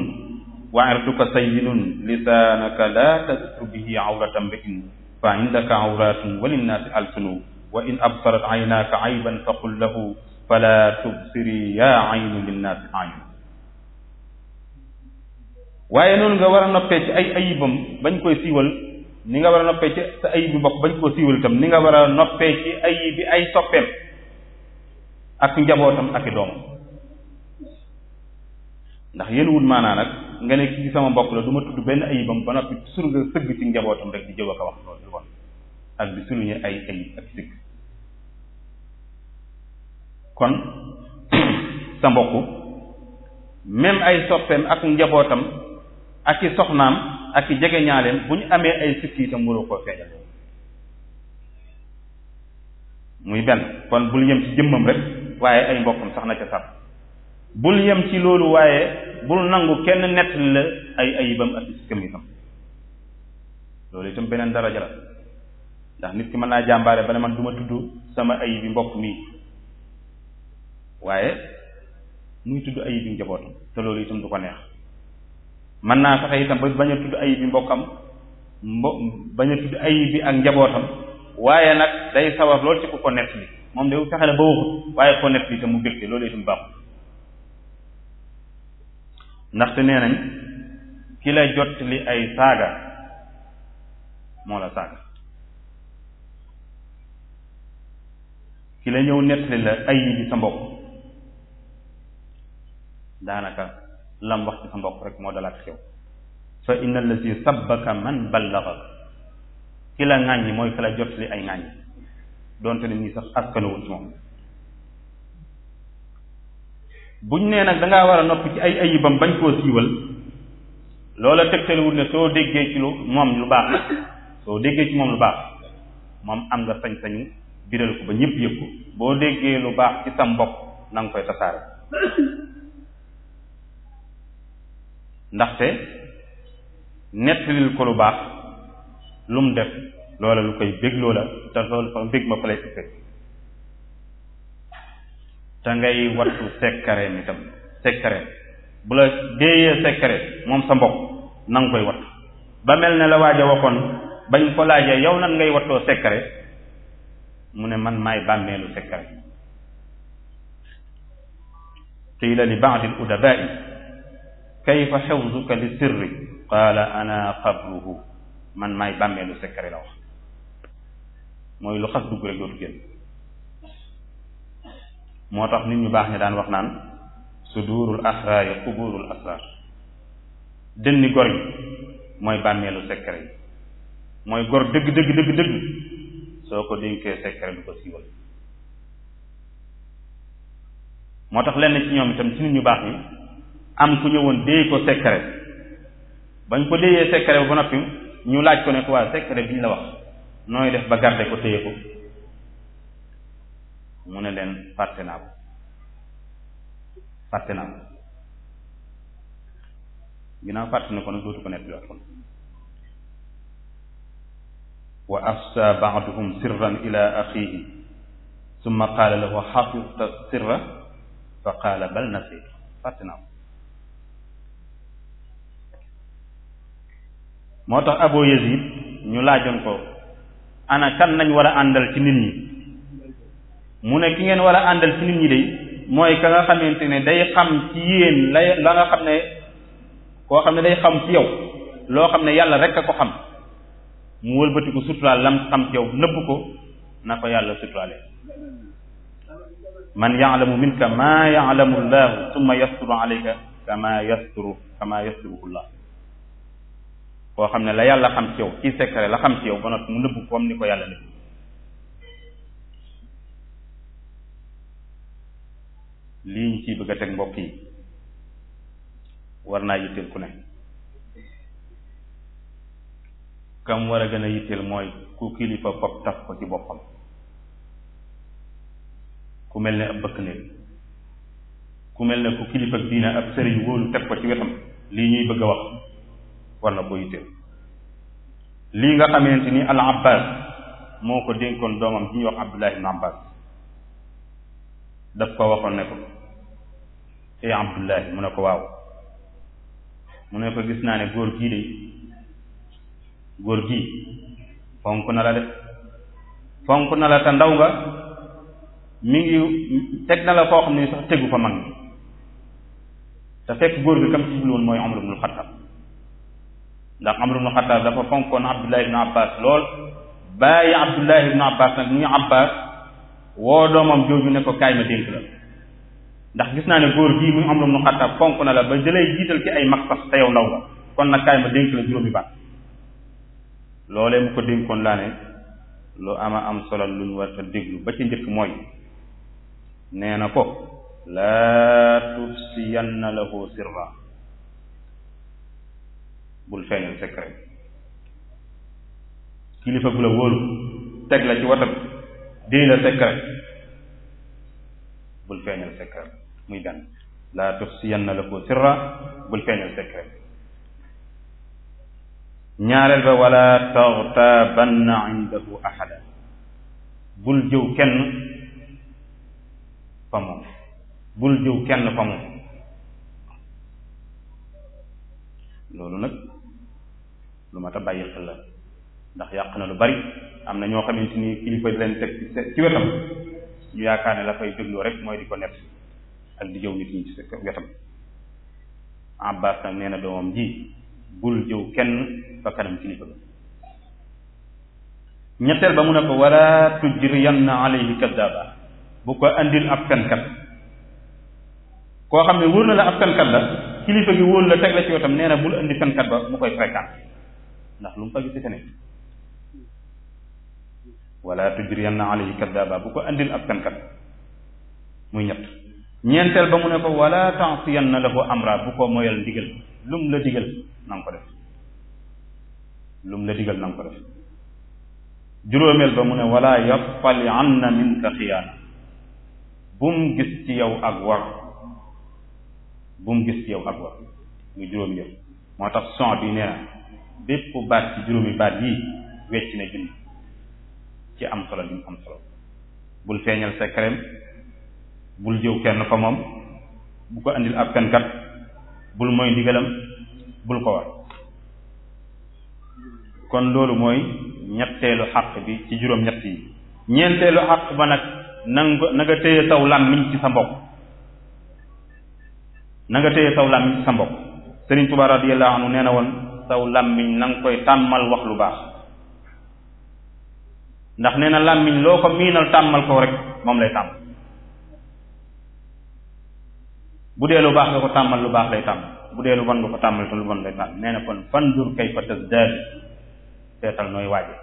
Speaker 2: wa irduka sayyinun lisaanaka laa tasturu bihi awrata mri'in fa indaka awraatun wa linnaasi alsunu wa in absarat aynaaka ayban fa qul lahu falaa tubsiri yaa aynu linnaasi aynu waaye noonu nga war a noppee ci ay ayibam bañ koy siiwal ni nga war a noppee ci sa ayib bi bokk bañ koo siiwal itam ni nga war a noppee ci ayib bi ay soppeem ak njabootam ak i doom ndax yéen wut maanaa nag nga ne kii sama mbokk la duma ma tudd benn ayibam ba noppi toujours nga sëgg ci njabootam di jëw ak a wax loolu ay ayib ak kon sa mbokk même ay soppeem ak njabootam ak i soxnaam ak i jege ñaaleem bu ñu amee ay sikk itam koo feeñal muy benn kon bul yem ci jëmmam rek waaye ay mbokkam sax na ca sab bul yem ci loolu waaye bul nangu kenn nett la ay ayibam ak iskam itam loolu itam beneen daraja la ndax nit ki mën naa jàmbaare ba ne man du ma tudd sama ayibi mbokk mii waaye muy tudd ayibi njabootam te loolu itam du ko neex mën naa fexe itam ba bañ a tudd ayibi mbokkam mbo bañ a tudd ayibi ak njabootam waaye nag day sawar loolu ci ku ko nett li moom de fexe na ba waxut waaye ko nekk lii te mu bégte loolu itam baaxul ndaxte nee nañ ki la jot li ay saaga moo la saaga ki la ñëw nettali la ay yi sa mbokk daanaka lam wax ci sa mbokk rek moo dalaat xew fa inna allazi sabbaka man ballagaka ki la ŋàññi mooy ki la jot li ay ŋàññi donte ne ñii sax askanawuñ ci moom buñ nee nag da war a nopp ci ay ayibam bañ koo siiwal loola tegtalewul ne soo déggee ci lu moom lu baax soo déggee ci moom lu baax moom am nga sañ-sañu biral ko ba ñëpp yëpp boo déggee lu baax ci sa mbokk na nga koy tasaare ndaxte nettalil ko lu baax lu mu def loola lu koy bégloo la te loolu fa mbég ma fa lay fekk te ngay wattu sekkareem itam sekkareem bu la déeyee sekkare moom sa mbokk na koy wattu ba mel ne la waaj a waxoon bañ ko laajee yow nan ngay wattoo sekkare mu ne man maay bàmmeelu sekkare qiila li baadi l udabai kayfa xewzuka li sirri qaala ana qabruhu man maay bàmmeelu sekkare la wax mooy lu xas dugg rek dootu génn moo tax nit ñu baax ñi daan wax naan sudurul asrar yi quburul asrar dënni gor yi mooy bàmmeelu secret yi mooy gor dëgg dëgg dëgg dëgg soo ko dénkee secret du ko siiwal moo tax lenn ci ñoom itam ci nit ñu baax ñi am ku ñëwoon déey ko secret bañ ko déyee secret ba noppi ñu laaj ko ne ko waa secret bi ñu la wax nooy def ba garde ko téye ko mu ne leen fàtte naa ko fàtte naa ko ginnaaw fàtte na ko nag dootu ko nekk liwaat kon wa afsa baaduhum sirran ila axihi summa qaala lahu xafidta sirra fa qaala bal nasitu fàtte naa ko moo tax Abu Yazid ñu laajoon ko ana kan nañ war a àndal ci nit ñi mu ne ki ngeen war a àndal ci nit ñi de mooy ka nga xamante ne day xam ci yéen lay la nga xam ne koo xam ne day xam ci yow loo xam ne yàlla rek a ko xam mu wëlbatiku suturaal lam xam ci yow nëbb ko na ko yàlla suturaale man yaalamu minka maa yaalamu llahu summa yasturu alayka kama yasturu kama yasturuhu llah boo xam ne la yàlla xam ci yow ci secret la xam ci yow ba noppi mu nëbbu comme ni ko yàlla nëbbu lii ñu ciy bëgg a teg mbokk yi war naa yitteel ku ne kam war a gën a yitteel mooy ku kilifa fab taf ko ci boppam ku mel ne ab bëkk néeg ku mel ne ku kilifa diina ab sëriñ wóolu teg ko ci wetam lii ñuy bëgg a wax war na ko yitteel lii nga xamante ni al abbas moo ko dénkoon doomam bi ñuy wax abdullah ibn abbas daf ko waxoon ne ko e abdullahi mu ne ko waaw mu ne ko gis naa ne góor gii de góor gii fonk na la de fonk na la te ndaw nga mu ngi teg na la koo xam ne sax tegu fa mag te fekk góor gi kam ci jublu woon mooy Omar ibnul Xattaab ndax Amr ibn Xattaab dafa fonkoon Abdullah ibn Abbas lool bàyyi Abdullah ibn Abbas nag mu ngi Abbas woo doomam jooju ne ko kaay ma dénk la ndax gis naa ne góor gii muy Amr ibn Xattaab fonk na la ba dalay jiital ci ay mag sax te yow ndaw la kon nag kaay ma dénk la juróomi baat loolee mu ko dénkoon laa ne lu ama am solo lu ñu war a ba ci njëkk mooy nee na ko laa tufsiyanna lahu sirra bul feeñal secret kilifa gu la wóolu teg la ci watam dee la secret bul feeñal secret muy benn laa tufsiyanna la ko sirra bul feeñal secret ñaareel ba wala taxtaabanna indahu ahada bul jëw kenn fa moom bul jëw kenn fa moom loolu nag lu mat a bàyyi xel la ndax yàq na lu bari am na ñoo xamante ni kilifa leen teg ci wetam ñu yaakaar ne la fay dégloo rek mooy di ko nett ak di jëw nit ñi ci wetam Abbas nag nee na doomam ji bul jëw kenn fa kanam kilifa ba ñetteel ba mu ne ko wala tujriyanna alayhi kaddaaba bu ko indil ab fenkat koo xam ne wóor na la ab fenkat la kilifa gi wóor la teg la ci wetam nee na bul andi fenkat ba mu koy fréquente ndax lu mu faju ci keneen wala tujriyanna alayhi kaddaaba bu ko andil ab kankat muy ñett ñeenteel ba mu ne ko wala ta'siyanna lahu amra bu ko moyal ndigal lum la digal na ko def lum la digal na ko def juróomeel ba mu ne wala yattali anna minka xiyaana bum gis ci yow ak war bum gis ci yow ak war muy juróom yëpp moo tax son bi nee na bépp baat ci juróomi baat yi wecc na junni ci am solo mu am solo bul feeñal sa kerem bul jëw kenn fa moom bu ko andil ab fenkat bul mooy ndigalam bul ko war kon loolu mooy ñetteelu xàq bi ci juróom ñett yi ñeenteelu xàq ba nag nanga na nga téye saw làmmiñ ci sa mbokk na nga téye saw làmmiñ ci sa mbokk Sëriñ Tuubaa radiyallahu anhu nee na woon saw làmmiñ na nga koy tàmmal wax lu baax ndax nee na làmmiñ loo ko miinal tàmmal ko rek moom lay tàmm bu dee lu baax nga ko tàmmal lu baax lay tàmm bu dee lu bon nga ko tàmmal te lu bon lay tàmm nee na kon fandur kay fa tasdaad seetal nooy waaje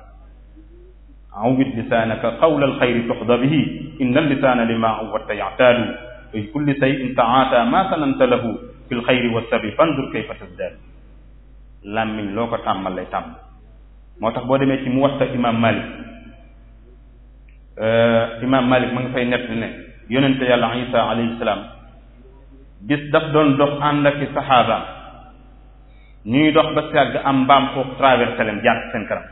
Speaker 2: awit lisaanaka qawla alxayri tuxda bihi inna lisaana lima awatta yataadu fi kulli sayin taata ma sananta lahu fi lxayri wasabi fandur kay fa tasdaad làmmiñ loo ko tàmmal lay tàmm moo tax boo demee ci Muwatta imaam Malik euh, imaam Malik mu ngi fay nett ne yonente yàlla Isa alayhi salaam bis doon dox ànd ak i saxaabaam ñuy am mbaam xuux traversé leen jaar seen kanam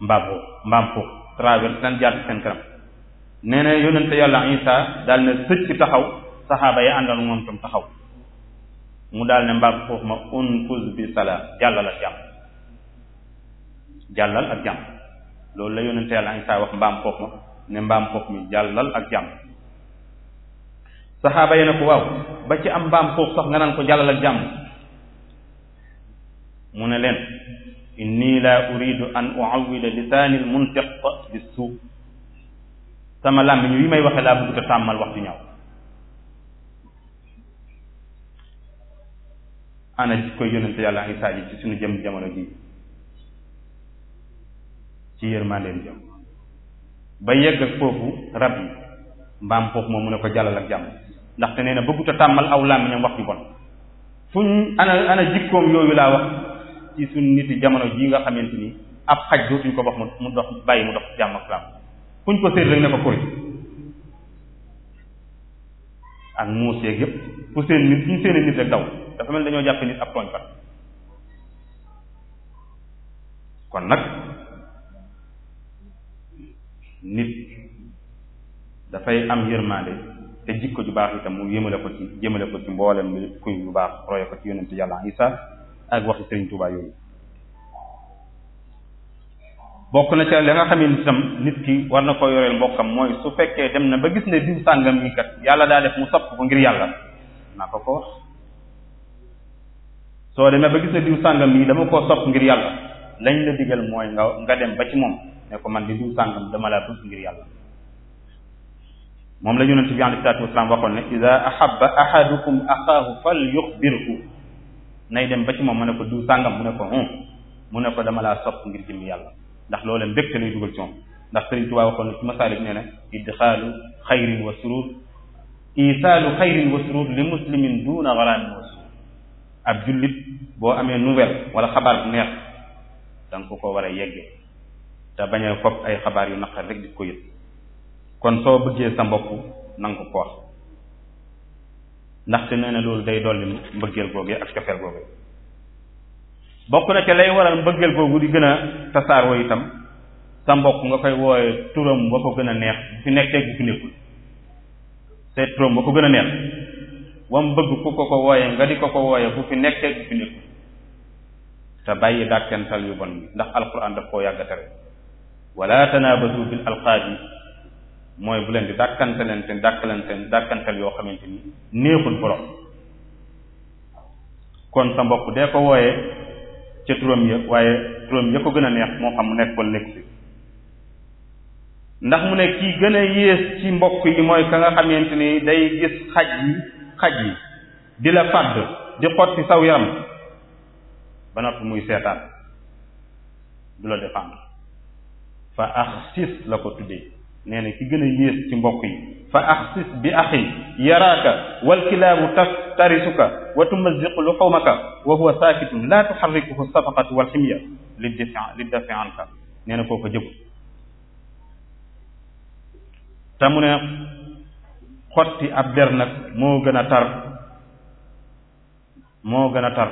Speaker 2: mbaam xuux mbaam xuux traversé leen jaar seen kanam nee na yonente yàlla isaa daal na sëcc taxaw saxaaba ya àndoon moom taxaw mu daal ne mbaam xuux ma unfus bi salaam jàllal ak jàmm jàllal ak jàmm loolu la yonente yàlla an saa wax mbaam xuux ma ne mbaam xuux mi jàllal ak jàmm saxaaba yi ne ko waaw ba ci am mbaam xuux sax nga naan ko jàllal ak jàmm mu ne leen inni la uridu an uawida lisaani almuntiq bi suu sama làmmiñ wi may waxe laa bëgg te tàmmal wax ju ñaaw ana jikko yonente yàlla Isaa ji ci suñu jëm jamono ji ci yërmandeem jëm ba yegg foofu rab yi mbaam foofu moom mu ne ko jàllal ak jàmm ndaxte nee na bëggut a tàmmal aw làmmiñam wax ju bon fuñ ana ana jikkoom yooyu laa wax ci suñ nit jamono ji nga xamante ni ab xaj dootuñ ko wax mu dox bàyyi mu dox jàmm ak salaam fuñ ko séet rek ne ko kuri ak muus yeeg yëpp fu seen nit fuñ seen nit rek daw dafa mel dañoo jàppe nit ab tooñkat kon nag nit dafay am yërmande te jikko ju baax itam mu yëmale ko ci jëmale ko ci mboolem li kuy lu baax roye ko ci yonent yàlla Isaa ak waxi Sëriñ Tuubaa yooyu bokk na ca la nga xam ne itam nit ki war na ko yoreel mbokkam mooy su fekkee dem na ba gis ne di sàngam yi kat yàlla daa def mu sopp ko ngir yàlla naa ko ko soo demee ba gis ne diw sàngam mii dama koo sopp ngir yàlla lañ la digal mooy nga nga dem ba ci moom ne ko man di diw sàngam dama laa bëgg ngir yàlla moom la yonent bi alayhi salaatu wasalaam waxoon ne ida nay dem ba moom mu ne ko diw sàngam mu ne ko hum dama laa sopp ngir jëm yàlla ndax loolee mbégte lay dugal ci moom ndax Sëriñ Tuubaa waxoon na ci masaalik nee na idxaalu xayrin wa surur isaalu xayrin wa surur li muslimin duuna xalaani ab jullit boo amee nouvelle wala xabaar bu neex da ko ko war a yegge te bañ a fopp ay xabaar yu naqar rek di ko yëg kon soo bëggee sa mbokk na nga ko ko wax na loolu day dolli mbëggeel googee ak cofeel googee bokk na ca lay waral mbëggeel googu di gën a tasaaroo itam sa mbokk nga koy wooye turam ba ko gën a neex bu fi nekkee bu fi nekkul te turam ba ko gën a neex wam bëgg ku ko ko wooye nga di ko ko wooye bu fi nekkee bu fi nekku te bàyyi dàkkental yu bon bi ndax alquran daf koo yàgg tere wala tanaabasu bil alqaabi mooy bu leen di dàkkantelente dàkkalante dàkkantel yoo xamante ni néexul borom kon sa mbokk dee ko wooyee ca turam ya waaye turam ya ko gën a neex moo xam mu nekk wala nekk si ndax mu ne kii gën a yées ci mbokk yi mooy ka nga xamante ni day gis xaj yi xaj yi di la fàdd di xotti saw yaram ba noppi muy seetaan du la défendre fa axsis la ko tuddee nee na ki gën a yées ci mbokk yi fa axsis bi axi yaraaka walkilaabu tas tarisuka wa tumaziqu luxumaka wa huwa saakitun laa tuxarrikuhu safaqatu walximya liddafi liddafi anka nee na koo ko jëgu te mu ne xotti ab der nag moo gën a tar moo gën a tar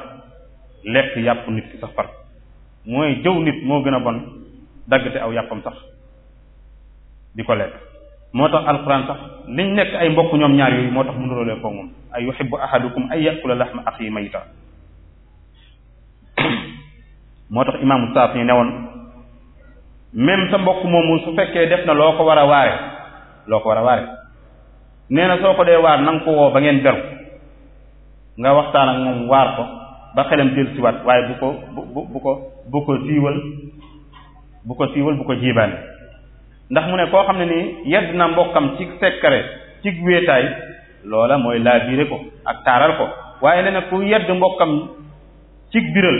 Speaker 2: lekk yàpp nit ki sax far mooy jëw nit moo gën a bon dagg te aw yàppam sax di ko lekk moo tax alquran sax liñ nekk ay mbokk ñoom ñaar yooyu moo tax mu nuróolee ko moom ay yuhibbu ahadukum ay yakula lahma axi mayta moo tax imaamu saaf ni ne woon même sa mbokk moomu su fekkee def na loo ko war a waare loo ko war a waare nee na soo ko dee waar na ko woo ba ngeen beru nga waxtaan ak moom waar ko ba xelam del siwaat waaye bu ko bu bu ko bu ko siiwal bu ko siiwal bu ko jiibaane ndax mu ne koo xam ne nii yedd na mbokkam ci sekkare ci wéetaay loola mooy laa laabiire ko ak taaral ko waaye nee na ku yedd mbokkam ci biral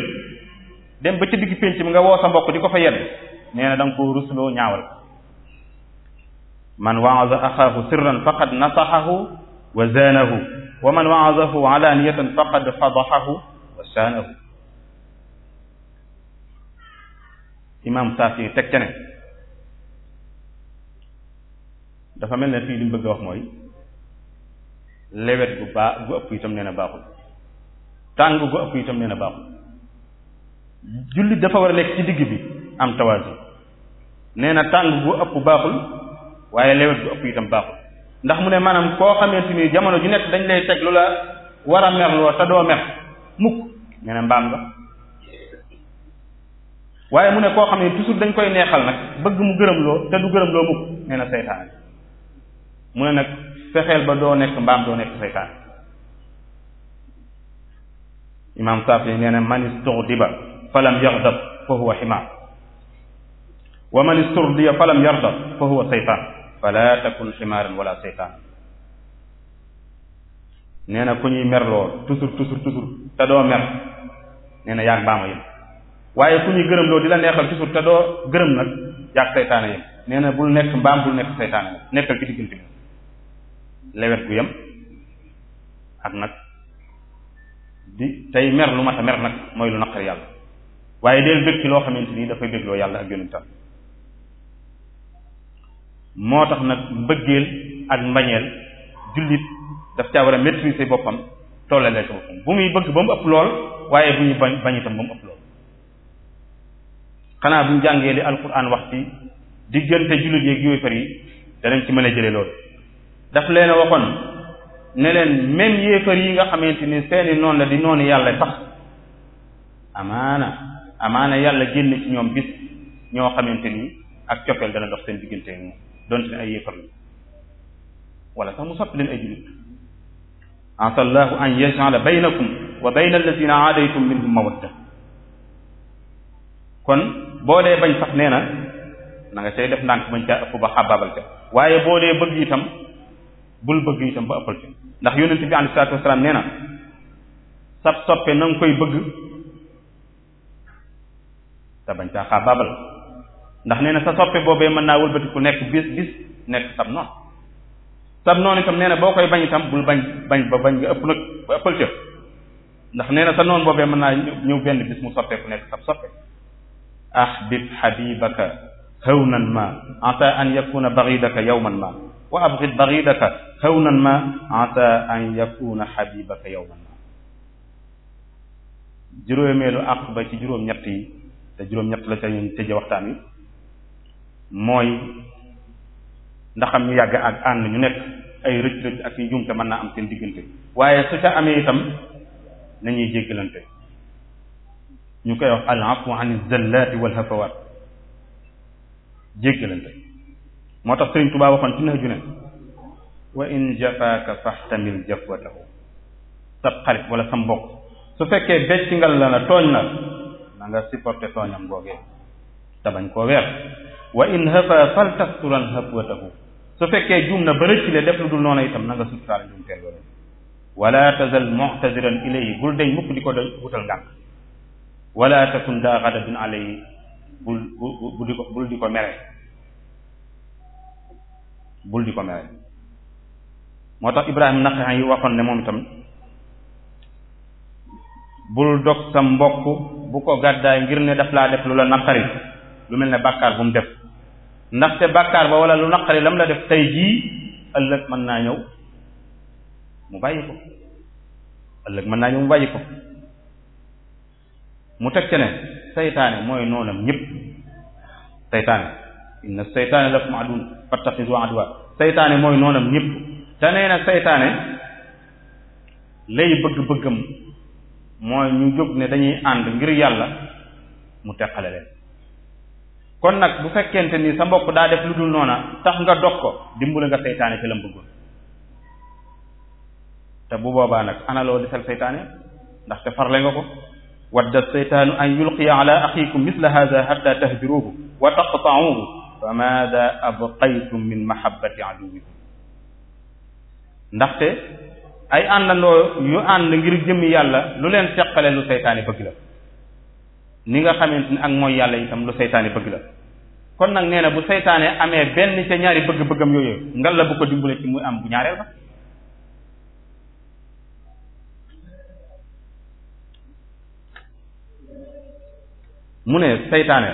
Speaker 2: dem ba ca digg pénc mi nga woo sa mbokk di ko fa yedd nee na da nga ko rusloo ñaawal man waaza axaahu sirran faqad nasaxahu wa wa man waazahu alaaniyatan faqad fadaxahu wa saanahu saafi teg ca dafa mel ne fii li mu wax mooy lewet gu baa gu ëpp itam nee na baaxul tàng gu ëpp itam nee na baaxul jullit dafa war a nekk ci digg bi am tawaasu nee tàng gu ëpp baaxul waaye lewet bu ëpp itam baaxul ndax mu ne maanaam koo xamante ni jamono ju nekk dañ lay teg lu la war a merloo te doo mer mukk nee na mbaam nga waaye mu ne koo xam ne toujours dañ koy neexal nag bëgg mu gërëm loo te du gërëm loo mukk nee na seytaane mu ne nag fexeel ba doo nekk mbaam doo nekk seytaane imaam Saafi nee na man istughdiba falam yaghdab fa huwa ximaar wa man falam yardab fa huwa seytaan fala takun ximaaran wala seytaan nee na ku ñuy merloo toujours toujours toujours te doo mer nee na yaag mbaama yem waaye ku ñuy gërëm loo di la neexal toujours te doo gërëm nag yaag seytaane yem nee na bul nekk mbaam bul nekk seytaane yem nekkal ci diggante bi lewet gu yem ak nag di tey mer lu mat a mer nag mooy lu naqar yàlla waaye deel bëgg ci loo xamante nii dafay bëggloo yàlla ak yonentam moo tax nag mbëggeel ak mbañeel jullit daf caa war a maîtriser boppam tollale ko boppam bu muy bëgg ba mu ëpp lool waaye bu ñu bañ bañ itam ba mu ëpp lool xanaa bu ñu jàngee li alquran wax ci diggante jullit yeeg yooyu far yi danañ ci mën a jëlee lool daf leen a waxoon ne leen même yéefar yi nga xamante ni seeni noonu la di noonu yàlla sax amaana amaana yàlla génn ci ñoom bis ñoo xamante ni ak cofeel dana dox seen diggante ak moom donte ne ay yéefar lañ wala sax mu soppi leen ay jullit asa llahu an yajala baynakum wa bayna alladina aadaytum boo dee bañ sax nee na na nga cay def ndànk bañ caa ëpp ba xabaabal ca waaye boo dee bëgg itam bul bëgg itam ba ëppal ca ndax yonente bi alayhi salaatu wasalaam nee na sab soppe na nga koy bëgg te bañ caa xabaabal ndax nee na sa soppe boobee mën naa wëlbatiku nekk bis bis nekk sab noonu sab noonu itam nee na boo koy bañ itam bul bañ bañ ba bañ nga ëpp nag ba ëppal ca ndax nee na sa noonu boobee mën naa ñëw benn bis mu soppeeku nekk sab soppe ahbib habibaka hawnan ma ata an yakuna baridaka yawman ma wa abrid baridaka hawnan ma ata an yakuna habibaka yawman ma juróomeelu àq ci juróom-ñett te juróom-ñett la ca ñu tëje waxtaan wi mooy ndaxam ñu yàgg ak ànd ñu nekk ay rëcc rëcc ak yu juumte mën naa am seen diggante waaye su ca amee itam nañuy jéggalante ñu koy wax al wa an zallaati wal hafawaat jéggalante moo tax Sëriñ Tuubaa waxoon ci naaju ne wa in jafaaka faxtamil jafwatahu sab xarit wala sa mbokk su fekkee becc ngal la la tooñ na na nga tooñam googee te koo weer wa in hafa fal tasturan hafwatahu su fekkee juum na ba rëccile def lu dul noonu itam na nga suturaale njuumteel loolu wala tazal mu'taziran ilayhi bul deñ mukk di ko doy wutal ngànk wala takun daa xadabin alayhi bul bul di ko bul di ko mere bul di ko mere moo tax Ibrahima yi ngir ne daf laa def lu naqari lu mel ne bàkkaar bu mu def ndaxte bàkkaar ba wala lu naqari lam la def tey jii ëllëg mën naa ñëw mu bàyyi ko ëllëg mën naa ñëw mu bàyyi ko mu teg ci ne saytaane mooy noonam ñëpp saytaane inna saytaane lakum adun fattaxidu adwa saytaane mooy noonam ñëpp te na saytaane lay bëgg-bëggam mooy ñu jóg ne dañuy ànd ngir yàlla mu teqale leen kon nag bu fekkente ni sa mbokk daa def lu dul noona tax nga dog ko dimbule nga seytaane ci la mu bëggoon te bu boobaa nag analoo desal seytaane ndaxte farle nga ko wadda seytaanu an yulqiya ala axiikum misla hada hatta tahjuruhu wa taqta'uhu fa ndaxte ay àndandoo yu ànd ngir jëmm yàlla lu leen teqale lu seytaane bëgg la ni nga xamante ni ak mooy yàlla itam lu seytaane bëgg la kon nag nee na bu seytaanee amee benn ca ñaari bëgg-bëggam yooyu ngal la bu ko dimbale ci muy am bu ñaareel ba mu ne seytaane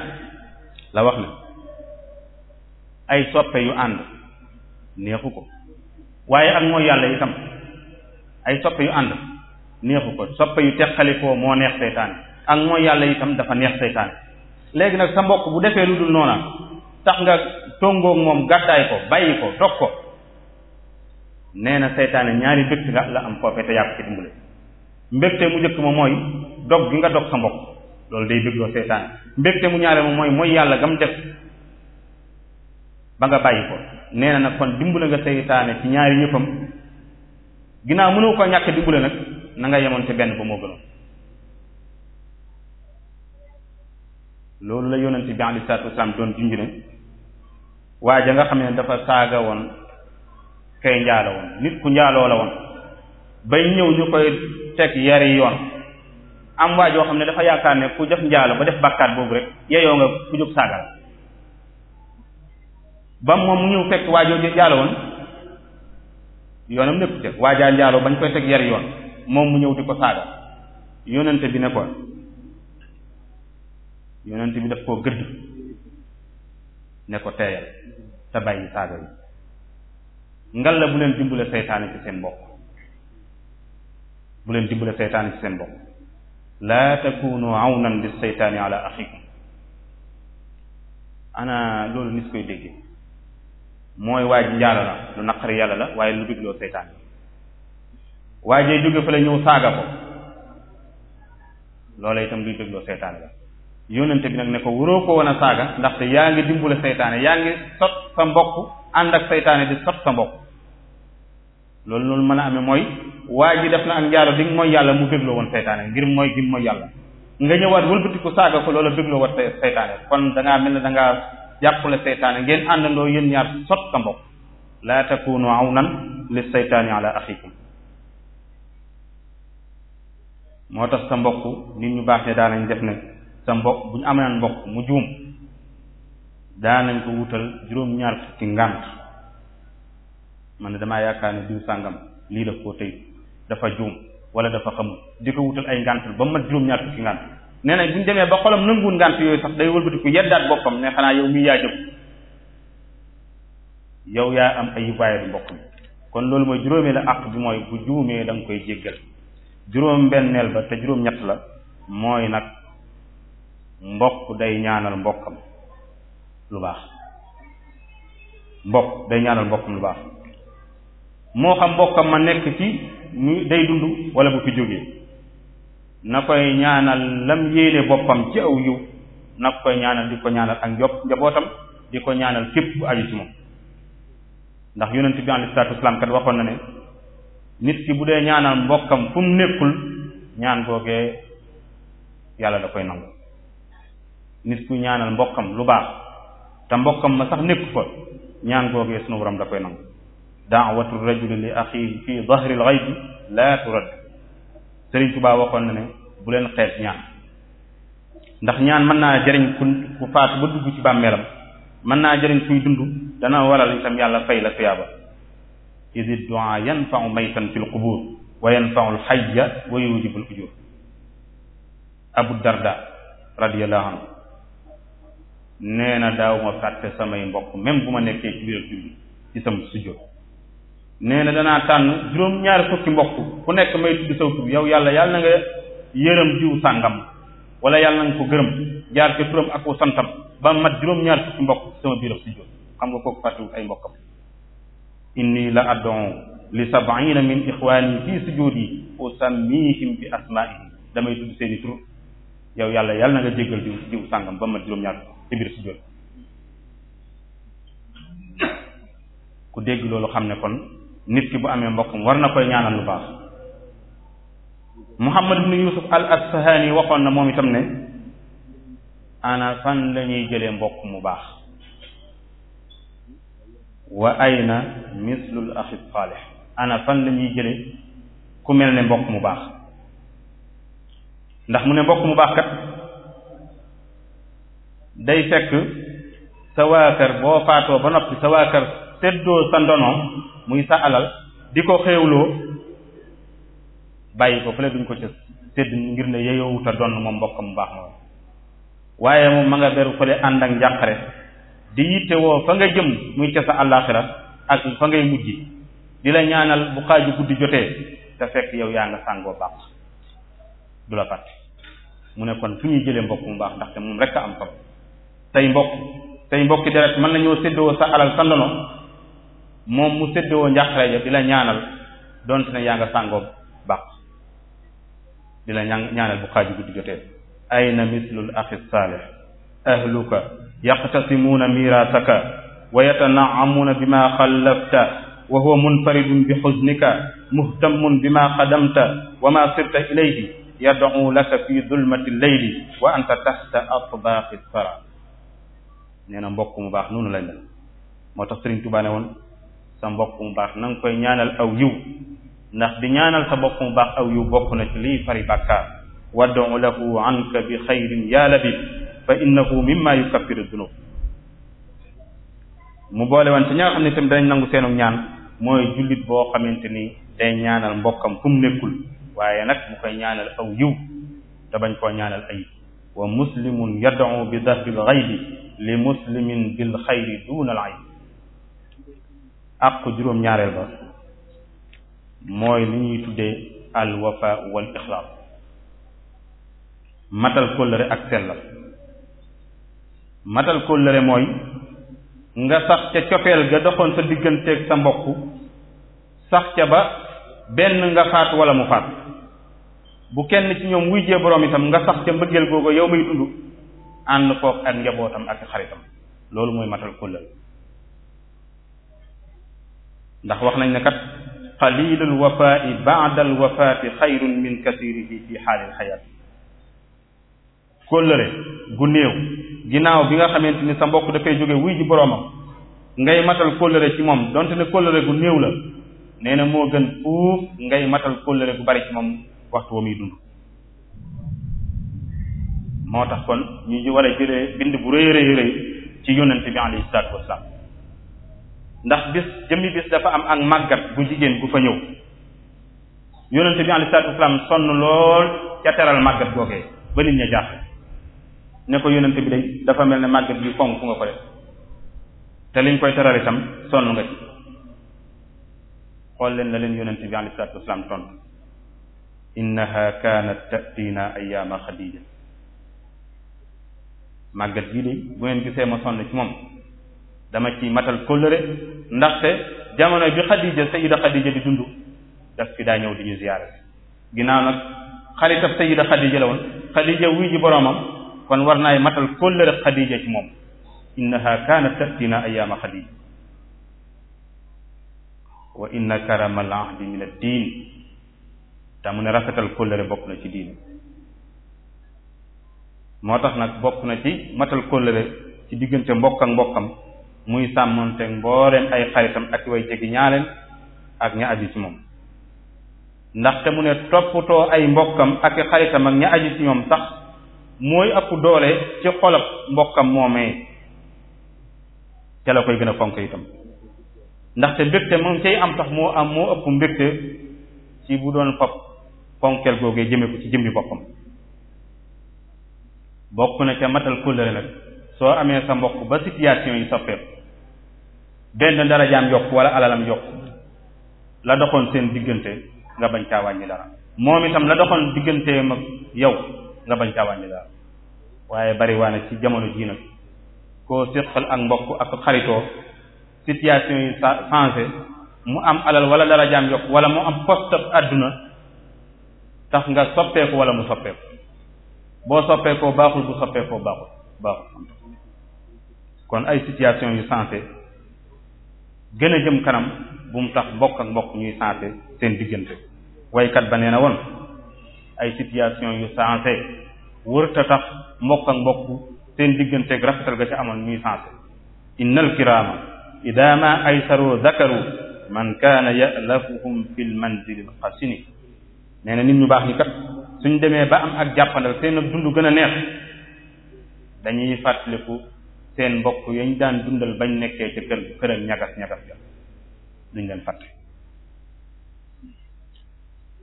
Speaker 2: la wax ne ay soppe yu ànd neexu ko waaye ak mooy yàlla itam ay soppe yu ànd neexu ko soppe yu teqalikoo moo neex seytaane ak moo yàlla itam dafa neex seytaane léegi nag sa mbokk bu defee lu dul noona tax nga tongoog moom gàddaay ko bàyyi ko dog ko nee na seytaane ñaari mbégte nga la am foofee te yàq ci dimbale mbégte mu njëkk ma mooy dog gi nga dog sa mbokk loolu day bégloo seytaane mbégte mu ñaare ma mooy mooy yàlla gam def ba nga bàyyi ko nee na nag kon dimbule nga seytaane ci ñaari yëppam ginnaaw mënu ko ñàkk dimbale nag na nga yemoon ci benn ba moo gënoon loolu la yonent bi alayhi salaatu wasalaam doon junj ne nga xam ne dafa saaga woon kay njaalo woon nit ku njaaloo la woon bay ñëw ñu koy teg yari yoon am waa joo xam ne dafa yaakaar ne ku def njaalo ba def bàkkaat boobu rek yeyoo nga ku jóg saagal ba moom mu ñëw fekk waa joo njaalo woon yoonam nekku teg waajaa njaalo bañ koy teg yari yoon moom mu ñëw di ko saaga yonent bi ne yonent bi daf koo gëdd ne ko teeyal te bàyyi saaga yi ngal la bu leen dimbale seytaane ci seen mbokk bu leen dimbale seytaane ci seen mbokk laa takunu awnan li seytaani ala axikum ana loolu nit koy déggee mooy waaj njaalo la lu naqari yàlla la waaye lu bigloo seytaane waajee jóge fa la ñëw saaga ko loola itam luy bégloo seytaane la yónnante bi nag ne ko wuroo ko woon a saaga ndaxte yaa ngi dimbule seytaane yaa ngi sot sa mbokk ànd ak seytaane di sot sa mbokk loolu loolu mën a amee mooy waa ji def na ak njaalo di mooy yàlla mu bégloo woon seytaane ngir mooy gi mooy yàlla nga ñëwaat wëlbati ko saaga ko loola bégloo wat seytaane kon da ngaa mel ne danga ngaa jàppale seytaane ngeen àndandoo yéen ñaar sot sa mbokk laa takunu awnan li seytaani ala moo tax sa mbokk nit ñu baax ne def ne sa mbokk bu ñu amee mbokk mu juum nañ ko wutal juróom-ñaar fukki ngànt man ne damaa yaakaar ne diw sàngam lii daf koo tëy dafa juum wala dafa xamul di ko wutal ay ngànt ba mat juróom-ñaar fukki ngànt nee na bu ñu demee ba xolam nanguwul ngànt yooyu sax day wëlbatiku yeddaat boppam ne xanaa yow mii yaa jëm yow yaa am ay waaye du mbokk mi kon loolu mooy juróomee la àq bi mooy bu juumee da koy jéggal juróom benneel ba te juróom la mooy nag mbokk day ñaanal mbokkam lu baax mbokk day ñaanal mbokkam lu baax moo xam mbokkam ma nekk ci mu day dund wala bu fi jógee na koy ñaanal lam yéene boppam ci aw yiw na koy ñaanal di ko ñaanal ak njop njabootam di ko ñaanal képp ku aju ci moom ndax yonent bi alayhi salaatu wasalaam kat waxoon na ne nit ki bu dee ñaanal mbokkam fu mu nekkul ñaan googee yàlla da koy nangu nit ku ñaanal mbokkam lu baax te mbokkam ma sax nekk fa ñaan googee sunu borom da koy nangu daawatu rajuli li axihi fi dahril ghaybi la turad Sëriñ Tuubaa waxoon na ne bu leen xeet ñaan ndax ñaan mën naa jëriñ ku faatu ba dugg ci bàmmeelam mën naa jëriñ kuy dund dana waral itam yàlla fay la tuyaaba idi du'a yanfa'u maytan fil qubur wa yanfa'u al hayya wa yujibu al Abu Darda radiyallahu anhu nee na daaw ma fàtte samay mbokk même bu ma nekkee ci biir julli ci sam sujjóot nee na tànn juróom-ñaari fukki mbokk ku nekk may tudd saw tur yow yàlla yàlla nga yërëm jiw sàngam wala yàlla na ko gërëm jaar ci turam santam ba mat juróom-ñaari fukki mbokk ci sama nga kooku fàttewul ay mbokkam inni la addon li sabaina min ixwaani fii sujudi usammihim bi asmaihim damay tudd seeni tur yow yàlla yàlla na nga jéggal diw diw ba mat juróom ci biir sujjóot ku dégg loolu xam ne kon nit ki bu amee mbokkam war na koy ñaanal lu baax Muhammad ibn Yusuf al yi waxoon na moom itam ne ana fan la ñuy jëlee mbokk mu baax wa ayna mislul axi saalih ana fan la ñuy jëlee ku mel ne mbokk mu baax ndax mu ne mbokk mu baax kat day fekk sa waa boo faatoo ba noppi sa waa kër teddoo sa ndono muy sa alal di ko xéewloo bàyyi ko fële duñ ko cës tedd ngir ne yeyowuta donn moom mbokk mu baax moom waaye moom ma nga beru fële ànd ak njàqare di yitte woo fa nga jëm muy ca sa àllaaxira ak fa ngay mujj di la ñaanal bu xaaju guddi jotee te fekk yow yaa nga sàngoo baax du la fàtte mu ne kon fu ñuy jëlee mbokk mu baax ndaxte moom rek a am solo tey mbokk tey mbokki deret mën nañoo séddoo sa alal sa ndono moom mu séddoo njàqare ja di la ñaanal donte ne yaa nga sàngoo baax di la ñaanal bu xaaju guddi jotee ayna mislul axi saalih ahluka yaqtasimuuna miraasaka wa yatanaamuuna bima xallafta wa huwa munfaridun bi xusnika muhtammun bima qadamta wa ma sirta ilayhi yad'u laka fi dulmati leyli wa anta taxta atbaaqi sara nee na mbokk mu baax noonu la moo tax Sëriñ Tuubaa ne woon sa mbokk mu baax nang nga koy ñaanal aw yiw ndax di ñaanal sa mbokk mu baax aw yiw bokk na ci liy fari bàkkaar wad'u lahu anka bi xayrin ya labib fa innahu mimma yukaffiru dunub mu boole woon ci ña nga xam ne tamit dañ nangu seenu ñaan mooy jullit boo xamante ni day ñaanal mbokkam fu mu nekkul waaye nag mu koy ñaanal aw yiw te bañ koo ñaanal ayib wa muslimun yad'u bi dafil ghaybi li muslimin bil xayri duna al ayb àq juróom-ñaareel ba mooy li ñuy tuddee al wafa wal ixlaas matal kóllëre ak sellal matal kóllëre mooy nga sax ca cofeel ga doxoon sa digganteeg sa mbokk sax ca ba benn nga faat wala mu faat bu kenn ci ñoom wuy jee boroom itam nga sax ca mbëggeel googu yow may dund ànd kook ak njabootam ak xaritam loolu mooy matal kullal ndax wax nañ ne kat qalilul wafaai baadal wafaati xayrun min kasirihi fi xaalil xayaat kóllëre gu néew ginnaaw bi nga xamante ni sa mbokk dafay jóge wuy ji boroomam ngay matal kóllëre ci moom dont ne kóllëre gu néew la nee na moo gën fuuf ngay matal kóllëre gu bari ci moom waxtu wa muy dund moo tax kon ñu ñu war a jëlee bind bu rëy rëy rëy ci yonent bi alayhi salaatu wasalaam ndax bis jëmmi bis dafa am ak màggat bu jigéen bu fa ñëw yonent bi alayhi salaatu wasalaam sonn lool ca teral màggat googee ba nit ña jàpp ne ko yonent bi day dafa mel ne màggat bi fonk nga ko def te liñ koy teral itam sonn nga ci xool leen la leen yonent bi alayhi salaatu wasalaam tontu innaha kaanat ta'tina ayyaama xadiija màggat bii de bu ngeen gisee ma sonn ci moom dama ci matal kóllëre ndaxte jamono bi xadija sayida xadija di dund daf fi daa ñëw di ñu ziyaare ginnaaw nag xaritab sayida xadija la woon xadija wuy ji boroomam kon war naay matal kóllëre xadija ci moom innaha kaanat tatina ayaama xadija wa inna karama al ahdi diin te mu ne rafetal kóllëre bokk na ci diin moo tax nag bokk na ci matal kóllëre ci diggante mbokk ak mbokkam muy sàmmonte mbooleem ay xaritam ak way jegi ñaaleen ak ña aju ci moom ndaxte mu ne toppatoo ay mbokkam ak xaritam ak ña aju ci ñoom sax mooy ëpp doole ci xolab mbokkam moomee ca la koy gën a fonk itam ndaxte mbégte moom cay am tax moo am moo ëpp mbégte ci bu doon fab fonkel googee jëme ko ci jëmmi boppam bokk na ca matal kóllëre nag soo amee sa mbokk ba situation yi soppeeku benn darajaam yokk wala alalam yokk la doxoon seen diggante nga bañ caa wàññi dara moom itam la doxoon digganteem ak yow nga bañ caa wàññi dara waaye bariwaane ci jamono jii nag koo séqal ak mbokk ak xaritoo situation yi changé mu am alal wala darajaam yokk wala mu am poste àdduna tax nga soppeeku wala mu soppeeku boo soppeekoo baaxul bu soppeekoo baaxul baaxul kon ay situation yu sensé gën a jëm kanam bu mu tax mbokk mbokk ñuy sensé seen diggante waykat ba nee na woon ay situation yu sensé wërta tax mbokk ak mbokk seen digganteeg rafetal ga ca amoon ñuy sensé innal kiraama ida ma aysaru zakaru man kaana ya'lafuhum fil manzilil xasini nee nit ñu baax ñi kat suñ demee ba am ak jàppandal seen ak dund gën a neex dañuy fàttaliku seen mbokk yañ daan dundal bañ nekkee ca kër këram ñagas ñagas ga duñ leen fàtte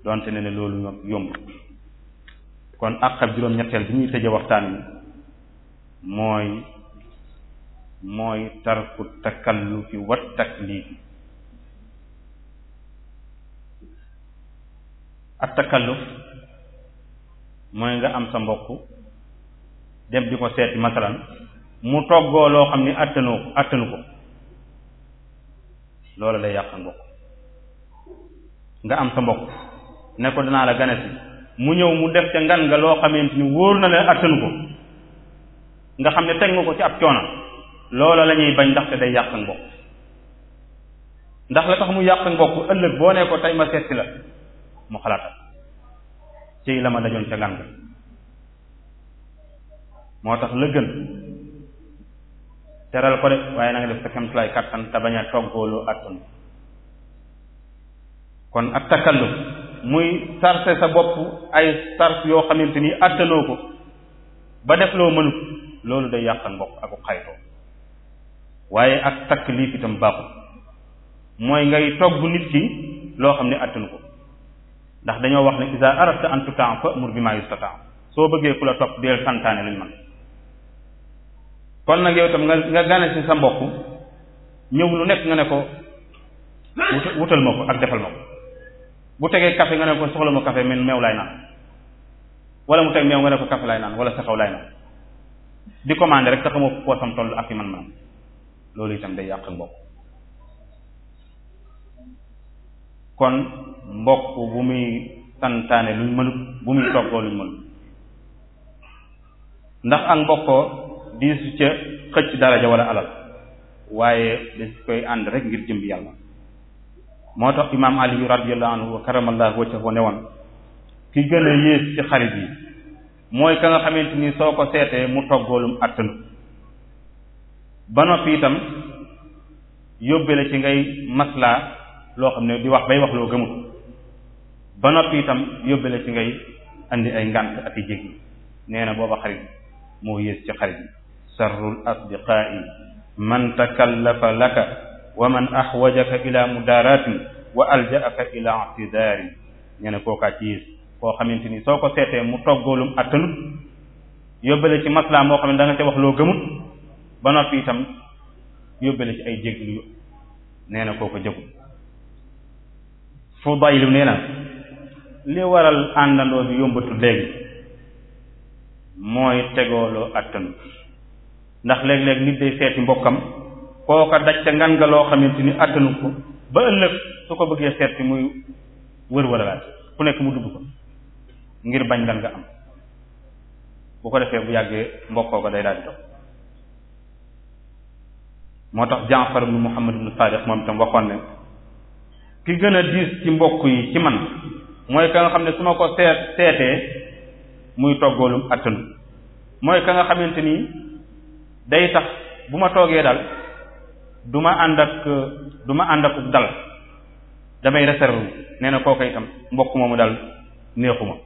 Speaker 2: doonte ne ne loolu ñoo yombut kon ak juróom-ñetteel bi ñuy tëje waxtaan wi mooy mooy tarku takallufi wa taklifi ak takalluf mooy nga am sa mbokk dem di ko seeti masalan mu toggoo loo xam ni àttanoo ko àttanu ko loola day yàq mbokk nga am sa mbokk ne ko danaa la gane si mu ñëw mu def ca ngan nga loo xamante ni wóor na la àttanu ko nga xam ne teg nga ko ci ab coona loola la ñuy bañ ndaxte day yàq mbokk ndax la tax mu yàq mbokk ëllëg boo ne ko tey ma seet la mu xalaatal ciy la ma dañoon ca ngan moo tax la gën teral ko de waaye na def sa kemtulaay kattan te bañ a toggoolu attun kon ak takalluf muy sarse sa bopp ay sars yoo xamante ni attanoo ko ba def loo mënut loolu day yàqal mbokk aku xaytoo waaye ak takk lii itam baaxul mooy ngay togg nit ki loo xam ne attanu ko ndax dañoo wax ne isa arasta en tout temps fa mur bi sa yustataa soo bëggee ku la topp deel santaane luñ mën kon nag yow itam nga nga gane ci sa mbokk ñëw lu nekk nga ne ko wutal ma ko ak defal ma ko bu tegee café nga ne ko soxla ma café men meew laay naan wala mu teg meew nga ne ko café laay naan wala saxaw laay naan di commandé rek sax moo poosam toll ak yi man man loolu itam day yàq ak mbokk kon mbokk bu muy santaane luñ mënut bu muy toggoo luñ mënut ndax ak mbokkoo diisu ca xëcc daraja wala alal waaye dañ koy ànd rek ngir jëmbi yàlla moo tax imaam ali radiyallahu anhu wa karamallahu wajhahu ne woon ki gën a yées ci xarit yi mooy ka nga xamante ni soo ko seetee mu toggoolum attanu ba noppi itam yóbbe la ci ngay maslaa loo xam ne di wax bay wax loo gëmul ba noppi itam yóbbale ci ngay andi ay ngànt ak i jéggi na booba xarit moo yées ci xarit bi sarrul man takallafa laka wa man axwajaka ila mudaaratin wa alja'aka ila i'tidaari nee na kookaa ci yées koo xamante ni soo ko seetee mu toggoolum attanut yóbbale ci maslaa moo xam ne da nga ca wax loo gëmut ba noppi itam yóbbale ci ay jéggi nee na koo ko jëgul Fudayl nee na li waral àndandoo bi yombatu léegi mooy tegooloo attanut ndax léeg-léeg nit day seeti mbokkam kooka daj ca ngan nga loo xamante ni attanut ko ba ëllëg su ko bëggee seeti muy wër wëralaat ku nekk mu dugg ko ngir bañ ngan nga am bu ko defee bu yàggee mbokkoo ko day daal di moo tax Jaafar mu Muhammad ibnu Saadiq moom itam waxoon ne ki gën a diis ci mbokk yi ci man mooy ka nga xam ne su ma ko seet seetee muy toggoolum attanu mooy ka nga xamante ni day tax bu ma toogee daal du ma ànd ak du ma ànd ak dal damay réserve nee na koy itam mbokk moomu daal neexuma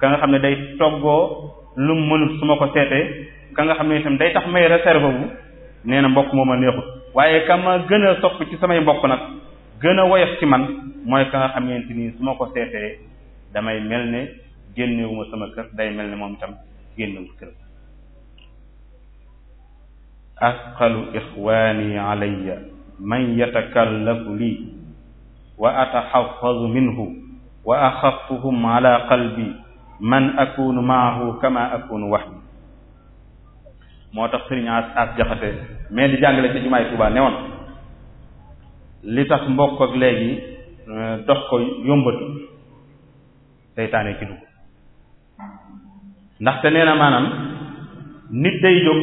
Speaker 2: ka nga xam ne day toggoo lum mënut su ma ko seetee ka nga xam itam day tax may réserve wu nee na mbokk mooma neexut waaye ka ma gën a sopp ci samay mbokk nag gën a woyof ci man mooy ka nga xamante ni su ma ko seetee damay mel ne génnewuma sama kër day mel ne moom itam génnewul kër asqalu ixwaani alayya man yatakallafu lii wa ataxafazu minhu wa axafuhum ala akunu maahu akunu wax moo tax sëriñ as as jaxate mais di jàngale ci jumaay Tuubaa newoon li tax mbokk ak léegi euh, dox ko yombatu seytaane ci dugg ndaxte nee na maanaam nit day jóg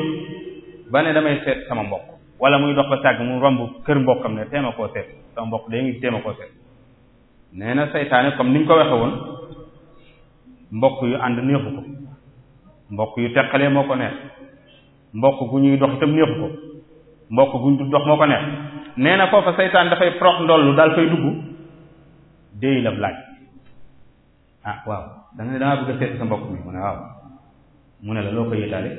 Speaker 2: ba ne damay seet sama mbokk wala muy dox ba sàgg mu romb kër mbokkam ne teema koo seet sama mbokk day ngi teema koo seet nee na seytaane comme ni niñ ko waxe woon mbokk yu ànd neexu ko mbokk yu teqalee moo ko mbokk gu ñuy dox itam neexu ko mbokk gu ñu moo ko neex nee na foofa seytaan dafay prox ndollu daal fay dugg déy la laaj ah waaw da nga ne dangaa bëgg seet sa mbokk mi mu ne waaw mu ne la loo koy yëtaale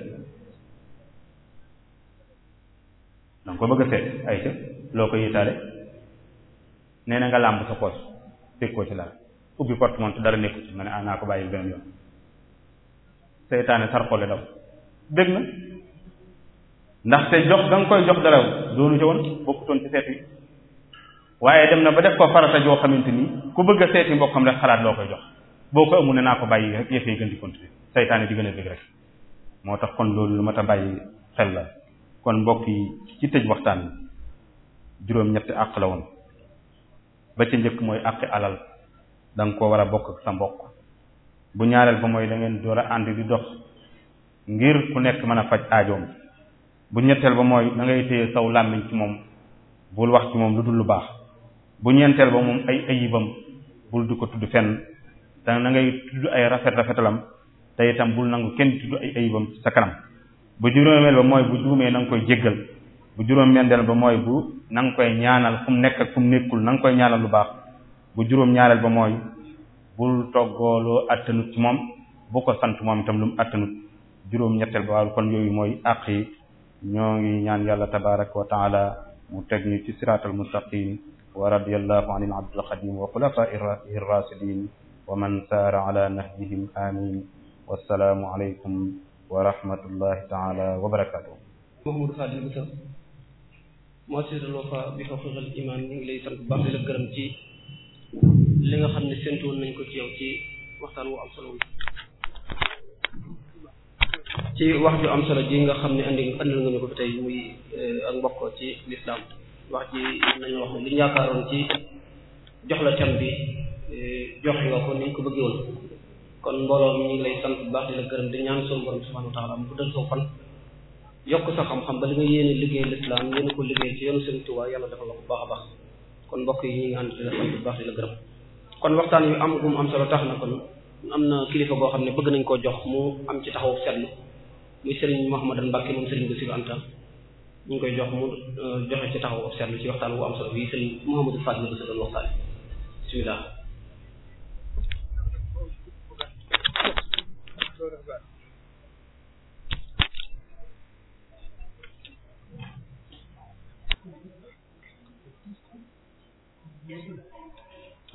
Speaker 2: da nga ko bëgg a seet ay ca loo ko yëtaale nee na nga làmb sa poos teg ko ci dara ubbi porte-monnaie dara nekku nga ne ah, naa ko bàyyi benn yoon seytaane sarxole daw dégg na ndaxte jox da nga koy jox dara doonu ci woon bokkutoon ci seet wi waaye dem na ba def ko farata joo xamante ni ku bëgg a seeti mbokkam rek xalaat loo koy jox boo ko amul ne naa ko bàyyi rek yëf yi gën di continuer saytaane di gën a moo tax kon loolu lu mat a bàyyi xel la kon mbokk yi ci tëj waxtaan bi juróom-ñetti àq la woon ba ci njëkk mooy àqi alal da ko war a bokk ak sa mbokk bu ñaareel ba mooy da ngeen door a ànd di dox ngir ku nekk mën a faj aajoom bu ñetteel ba mooy da ngay téye saw làmmiñ ci moom bul wax ci moom lu dul lu baax bu ñeenteel ba moom ay ayibam bul di ko tudd fenn te na ngay tudd ay rafet rafetalam te itam bul nangu kenn tudd ay ayibam sa kanam bu juróomeel ba mooy bu juumee na nga koy jéggal bu juróom-mendeel ba mooy bu na nga koy ñaanal fu mu nekk nekkul na nga koy ñaanal lu baax bu juróom-ñaareel ba mooy bul toggooloo attanut ci moom bu ko sant moom itam lu mu attanut juróom-ñetteel ba waaw kon yooyu mooy àq yi ñoo ngi ñaan yàlla tabaraka wa taala mu teg ñu ci siraatal mustaqim wa radiyallahu anil abdul xadim wa man saara ala nahjihim amin wassalaamu aleykum wa rahmatullahi taala wa barakatuh
Speaker 3: Mouhamadou Khadim Bousso
Speaker 4: mu'assasatul Wafa bi xaqiqal iman ñu ngi lay sant bu baax di la gërëm ci li nga xam ne séntu woon nañ ko ci yow ci waxtaan wu am solo ci wax ju am solo ji nga xam ne andi andil nga ñu ko fi tey muy eh, ak mbokk ci lislaam wax ji nañu wax ne li ñu yaakaaroon ci jox la thème bi Eh, joxe nga ko ni ko bëggee woon kon mbooloo mi ñu ngi lay sant bu baax di la gërëm di ñaan suñu borom subhanahu wa taala mu guddal soo fan yokk sa xam-xam ba li nga yéene liggéey lislaam yéene ko liggéey ci yoonu Sëriñ Tuubaa yàlla defal la ko baax a baax kon mbokk yi ñu ngi ànd di bu baax di la gërëm kon waxtaan yu am gum am solo tax na kon am na kilifa goo xam ne bëgg nañ koo jox mu am ci taxawu seetlu muy Serigne Mouhamadou Mbacke moom Serigne Bassirou Anta ñu koy jox mu euh, joxe ci taxawu seetlu ci waxtaan bu am solo bi Serigne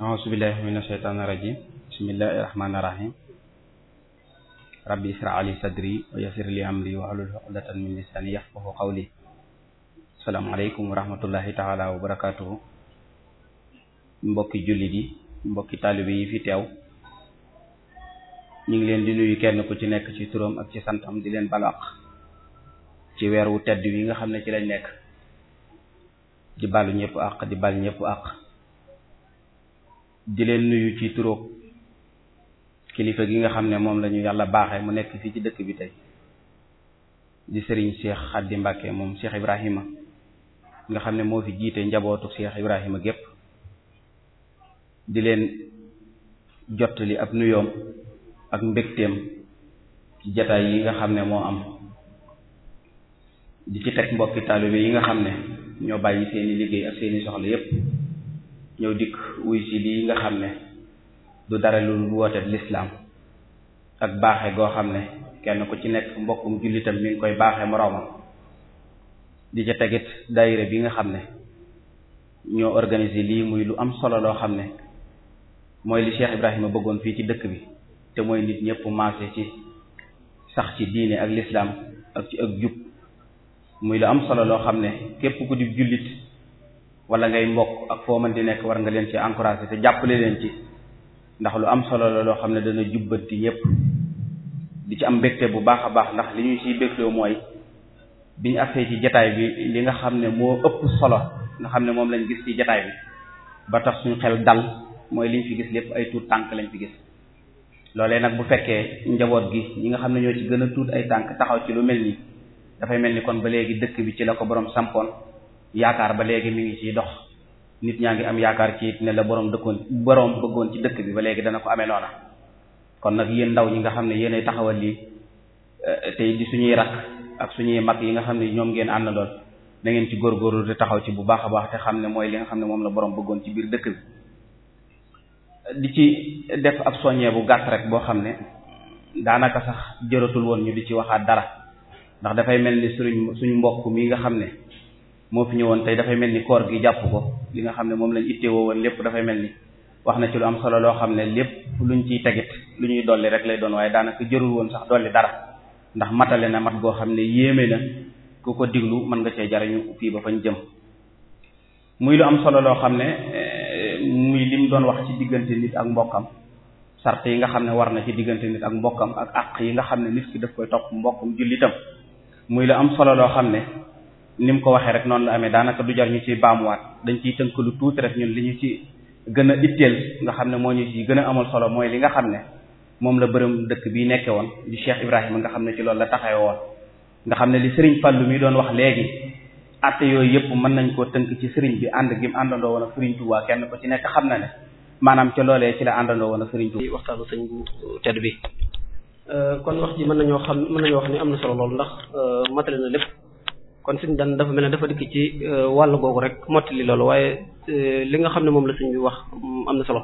Speaker 5: aousubillahi min asheytaani irajim bismillahi rahmaani rahim rabbi ishrah li sadri wa yassir li amri wahlul uqdatan min lisani yafqahu qawli asalaamaaleykum wa rahmatullahi taala wa barakatuhu mbokki jullit yi mbokki taalibe yi fi teew ñu ngi leen di nuyu kenn ku ci nekk ci turam ak ci santam di leen balu àq ci weer wu tedd wi nga xam ne ci lañ nekk di bal ñépp àq di bal ñëpp àq di leen nuyu ci turóog kilifa gi nga xam ne moom la ñu yàlla baaxe mu nekk fii ci dëkk bi tey di sëriñ Cheikh Xaddi Mbàkke moom Cheikh Ibrahima nga xam ne moo fi jiite njabootu Cheikh Ibrahima gépp di leen jottali ab nuyoom ak mbégteem ci jataay yi nga xam ne moo am di ci teg mbokki taalibe yi nga xam ne ñoo bàyyi seeni liggéey ak seeni soxla yépp ñëw dikk wuy si lii nga xam ne du dara lu woote lislaam ak baaxe goo xam ne kenn ku ci nekk mbokkum jullitam mi koy baaxe moroomam di ca tegit daayira bi nga xam ne ñoo organiser lii muy lu am solo loo xam ne mooy li Cheikh Ibrahima bëggoon fii ci dëkk bi te mooy nit ñëpp maase ci sax ci diine ak lislaam ak ci ak jub muy lu am solo loo xam ne képp ku di jullit wala ngay mbokk ak foo mën di nekk war nga leen ci encouragé te jàppale leen ci ndax lu am solo la loo xam ne dana jubbanti ñépp di ci am mbégte bu baax a baax ndax li ñu ciy bégloo mooy bi ñu afee ci jataay bi li nga xam ne moo ëpp solo nga xam ne moom lañ gis ci jataay ba tax suñu xel dal mooy liñ fi gis lépp ay tuut tànk lañ fi gis loolee nag bu fekkee njaboot gi ñi nga xam ne ñoo ci gën a tuut ay tànk taxaw ci lu mel nii dafay mel ni kon ba léegi dëkk bi ci la ko borom sampoon yaakaar ba léegi mi ngi ciy dox nit ñaa ngi am yaakaar ci ne la boroom dëkkoon boroom bëggoon ci dëkk bi ba léegi dana ko amee noona kon nag yéen ndaw ñi nga xam ne yéenay taxawal lii eh, tey di suñuy rakk ak suñuy mag yi nga xam ne ñoom ngeen àndandoon na ngeen ci góorgóorlu te taxaw ci bu baax a baax te xam ne mooy li nga xam ne moom la boroom bëggoon ci biir dëkk bi di ci def ab soññee bu gàtt rek boo xam ne daanaka sax jëratul woon ñu di ci waxaat dara ndax dafay mel ni suñu suñu mbokk mii nga xam ne moo fi ñëwoon tey dafay mel ni koor gi jàpp ko li nga xam ne moom lañ ittewoo woon lépp dafay mel ni wax na ci lu am solo loo xam ne lépp lu ñu ciy tegit lu ñuy dolli rek lay doon waaye daanaka jërul woon sax dolli dara ndax matale na mat goo xam ne yéeme na ku ko diglu mën nga cee jariñu fii ba fañ jëm muy lu am solo loo xam ne eh, muy lim doon wax ci diggante nit ak mbokkam sart yi nga xam ne war na ci diggante nit ak mbokkam ak àq yi nga xam ne nit ki daf koy topp mbokkum jullitam muy lu am solo loo xam ne ni mu ko waxee rek noonu la amee daanaka du jar ñu ci baamuwaat dañ ciy tënk lu tuuti rek ñun li ñu ci gën a itteel nga xam ne moo ñu ci gën a amal solo mooy li nga xam ne moom la bërëm dëkk bi nekkee woon di Cheikh Ibrahima nga xam ne ci loolu la taxawe woon nga xam ne li Serigne lu muy doon wax léegi atte yooyu yëpp mën nañ koo tënk ci Serigne bi ànd gi mu àndandoo woon ak Serigne Touba kenn ko ci nekk xam na ne maanaam ca loolee ci la àndandoo woon ak Serigne Touba waxtaanu sëñ bu tedd bi
Speaker 4: euh, kon wax ji mën nañoo xam mën nañoo wax ni am na solo lool ndax euh, matale na lépp kon suñu daan dafa mel ne dafa dikk ci euh, wàll googu rek mottali loolu waaye euh, li nga xam ne moom la suñ bi wax mm, am na solo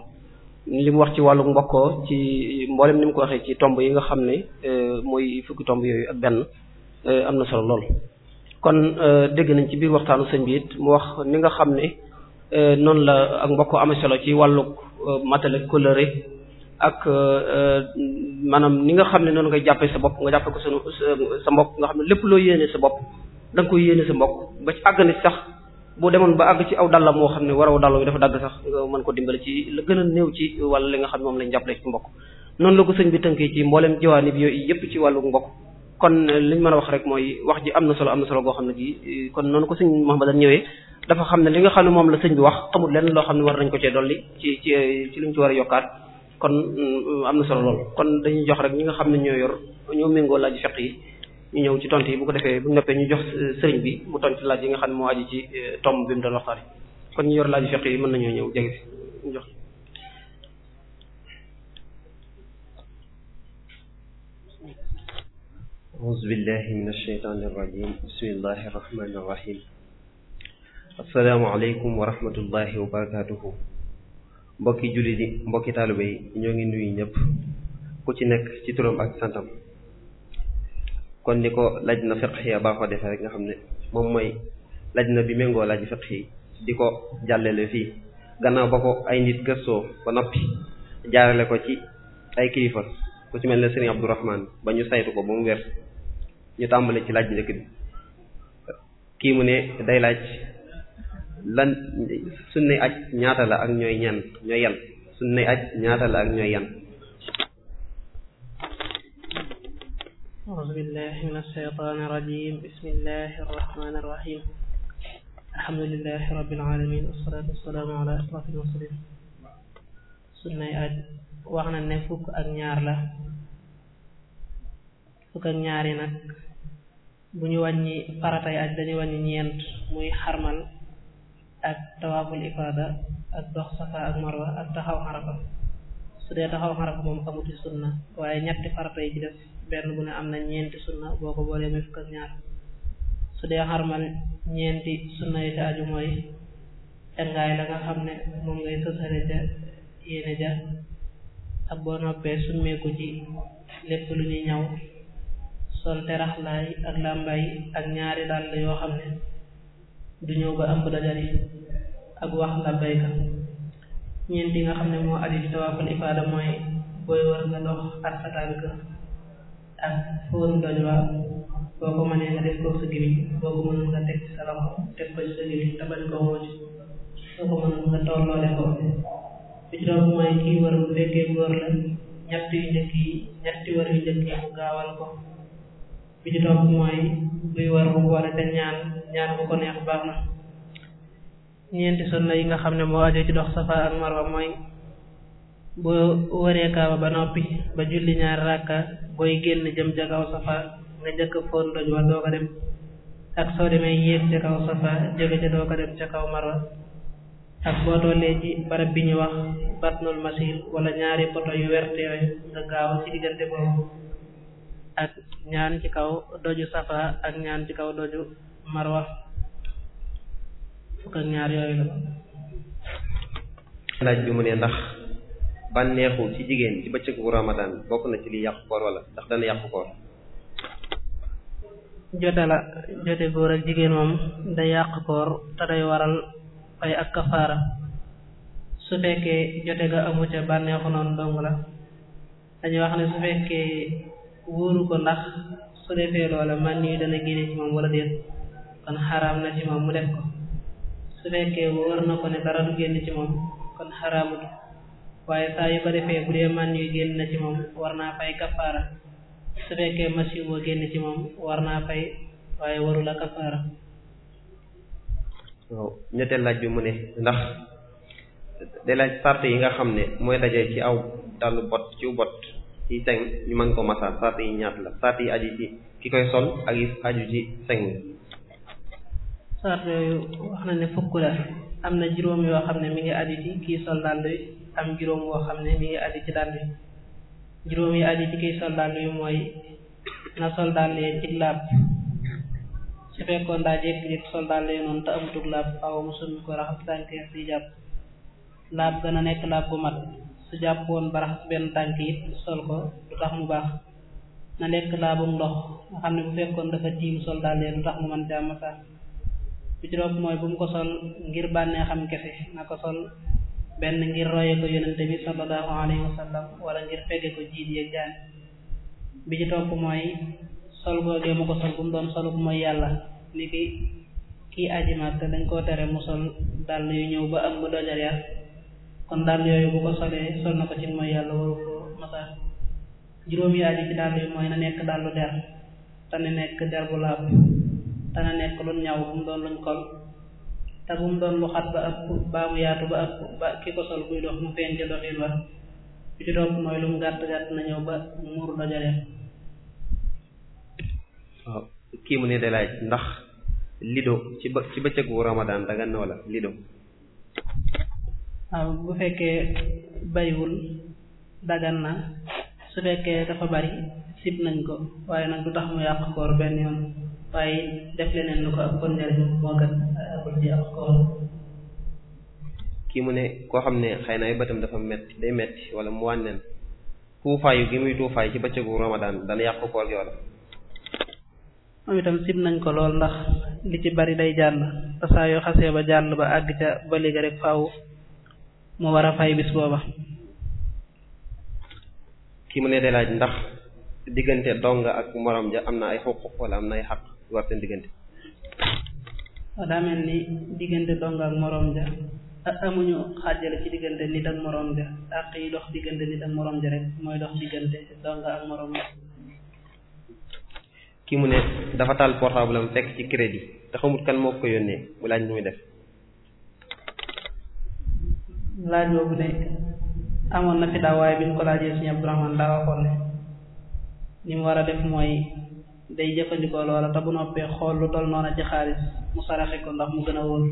Speaker 4: li mu wax ci wàllu mbokkoo ci mboolem ni mu ko waxee ci tomb yi nga xam ne euh, mooy fukki tomb yooyu ak benn am na solo lool. kon dégg nañ ci biir waxtaanu sëñ bi it wax ni nga xam ne noonu la ak mbokkoo am solo ci wàllu matale coloré ak maanaam ni nga xam ne noonu ngay jàppee sa bopp nga jàppee ko sa sa mbokk nga xam ne lépp loo yéene sa bopp. da nga koy yéene sa mbokk ba ci àgg na sax boo demoon ba àgg ci aw dàll moo xam ne waraw dàllam yi dafa dagg sax nga man ko dimbale ci la gën a néew ci wàll li nga xam ne moom lañ jàppale ci mbokk noonu la ko sëñ bi tënkee ci mboolem jawaani bi yooyu yëpp ci wàllu mbokk kon liñ mën a wax rek mooy wax ji am na solo am na solo goo xam ne gi kon noonu ko sëñ Muhammadan ñëwee dafa xam ne li nga xam ne moom la sëñ bi wax xamul lenn loo xam ne war nañ ko cee dolli ci ci ci luñ ci war a yokkaat kon mm, am na solo lool kon dañuy jox rek ñi nga xam ne ñoo yor ñoo méngoo laaj fiq yi ñu ñëw ci tont yi bu ko defee bu noppee ñu jox euh, sëriñ bi mu tont laaj yi nga xam ne moo aju ci euh, tomb bi mu doon waxtaane kon ñu yor laaj fiq yi mën nañoo ñëw jege si jox
Speaker 3: auzu billahi min ashaytaani irrajim bismillahi irrahmani irrahim asalaamaaleykum wa rahmatullahi wa barakatuhu mbokki jullit yi mbokki taalibe yi ñoo ngi nuyu ñëpp ku ci nekk ci turam ak santam kon ni ko laj na fiq ya baaxoo defee rek nga xam ne moom mooy laj na bi méngoo laj fiq yi di ko jàllale fii gannaaw ba ko ay nit gëstoo ba noppi jaarale ko ci ay kilifa ku ci mel ne Serigne Abdourahman ba ñu saytu ko ba mu wér ñu tàmbale ci laaj njëkk bi kii mu ne day laaj lan suñ ne aj ñaata la ak ñooy ñan ñooy yan suñ aj ñaata la ak ñooy yan
Speaker 6: أعوذ بالله من الشيطان الرجيم بسم الله الرحمن الرحيم الحمد لله رب العالمين والصلاة والسلام على أشرف المرسلين sunna yi aj wax na ne fukk ak ñaar la fukk ak ñaar yi nag bu ñu wàññi faratay aj dañuy wàññi ñeent muy xarmal ak tawaaful ifaada ak dox safa ak marwa ak taxaw xarafa su dee taxaw xarafa moom amuti sunna waaye ñetti farata yi ci def benn bu ne am na ñeenti sunna boo ko boolee muy fukk ak ñaar su dee xarmal ñeenti sunna yi taaju mooy cangaay la nga xam ne moom ngay sësale ca yéene ja ak boo noppee summeeku ci lu ñuy ñaw sol teraxlaay ak làmbaay ak ñaari dàll yoo xam ne du ñëw ba ëmb dajari ak wax labbayka ñeenti nga xam ne moo aju ci tawaaful ifaada mooy booy war nga dox ak sa tànk ak fóor ndojwaar boo ko mënee nga def ko sa gémmiñ boo ko mënul nga teg sa loxo teg ko ci sa gémmiñ te bañ koo wóor soo ko mënul nga tolloole ko bi ci doon mooy kii war bu fekkee góor la ñett yu njëkk yi ñetti war yu njëkk yi mu gaawal ko bi ci topp mooy buy war bu boole te ñaan ñaan bu ko neex baax na ñeenti sunna yi nga xam ne moo ajo ci dox safa ak marwa mooy boo waree kaaba ba noppi ba julli ñaar rakka booy génn jëm ca kaw safa nga njëkk foon doj wa doo ko dem ak soo demee yéeg ca kaw safa jóge doo ko dem ca kaw marwa ak bi ñu wax wala ñaari poto yu werte ak ñaan ci kaw doju ñaar yooyu
Speaker 3: la laaj ne ndax bànneexu ci jigéen ci bëccëgu ramadan bokk na ci li yàqu koor wala ndax dana yàqu koor
Speaker 6: jote la jote góor ak jigéen moom da yàq koor te day waral fay ak kafaara su fekkee jote ga amu ca bànneexu noonu dong la dañuy wax ne su ko ndax wala déet kon xaraam na ci moom mu def ko su fekkee wóor na ko ne dara du génn ci moom kon xaraamut waaye saa yu ko defee man yu génn na ci moom war naa fay kafaara su fekkee masiw boo génn ci moom war naa fay waaye warula kafaara
Speaker 3: waaw ñetteel laaj bi mu ne ndax day laaj sart yi nga xam ne mooy daje ci aw dalu bot ci bot ci seng ñu mën ko masal sart yi ñaat la sart yi aju ci ki koy sol ak aju ci seng
Speaker 6: sart yooyu wax na ne fukk am na juróom yoo xam ne mi ngi aju ci kii sol dàll wi am juróom woo xam ne mi ngi aju ci dàll wi juróom yi aju ci kii sol dàll wi mooy na sol dàll yi ci laab su fekkoon daa jekk nit sol dàll yi noonu te amutug laab aw mu summi ko raxas tànkee si jàpp laab gën a nekk laab bu mat su jàppoon ba raxas benn tànk it sol ko du tax mu baax na lekk laabum ndox nga xam ne bu fekkoon dafa tiim sol dàll yi du tax mu mën jàmm sax bi ci mooy bu ko sol ngir bànnee xam kese na ko sol benn ngir roye ko yonente bi sallallahu alayhi wa wala ngir fege ko jiit yeeg jaan bi ci topp mooy sol googee mu ko sol bu mu doon solub mooy yàlla ni ki kii aji màkk dañ ko tere mu sol dàll yu ñëw ba am bu kon dal yooyu bu ko solee sol na ko ci yàlla waru ko masa juróom yu der te nekk der bu dana nekk lu ñaw bu doon luñ kol te doon lu xat ba yaatu ba ëpp ba ki ko sol buy dox mu feeñ ca doxin wa bi ci topp mooy lu mu gàtt gàtt na ñëw ba muur dajale
Speaker 3: kii mu ne day laaj ndax lido ci ba ci bëccëgu Ramadan dagan na wala lido
Speaker 6: waaw bu fekkee baywul dagan na su fekkee dafa bari sib nañ ko waaye nag du tax mu yàq koor benn yoon waaye def leneen lu ko ak kon njariñ moo gën akul ci ak
Speaker 3: kii mu ne koo xam ne xëy na ay bëtam dafa metti day metti wala mu wàññeen tuufaayu gi muy tuufaay ci bëccëgu ramadaan dana yàq koor gi wala
Speaker 6: moom nañ ko lool ndax li ci bari day jàll yoo xasee ba jàll ba àgg ca ba léegi war a fay bis booba
Speaker 3: kii mu ne day laaj ndax diggante donga ak morom ja am na ay xuquq wala am na ay xaq war seen diggante
Speaker 6: daa mel ni diggante dong ak moroom ja amuñu xaajale ci diggante nit ak ja àq yi dox diggante nit ak moroom ja mooy dox diggante dong ak moroom ja
Speaker 3: kii mu ne dafa taal portable am fekk ci crédit te xamut kan moo ko yónnee mu laaj ni muy def
Speaker 6: laaj boobu amoon na fi daaw waaye bi ko laajee suñu Abdourahmane daa waxoon ne ni mu def mooy day jëfandikoo loola te bu noppee xool lu toll noona ci xaalis mu saraxe ko ndax mu gën a wóor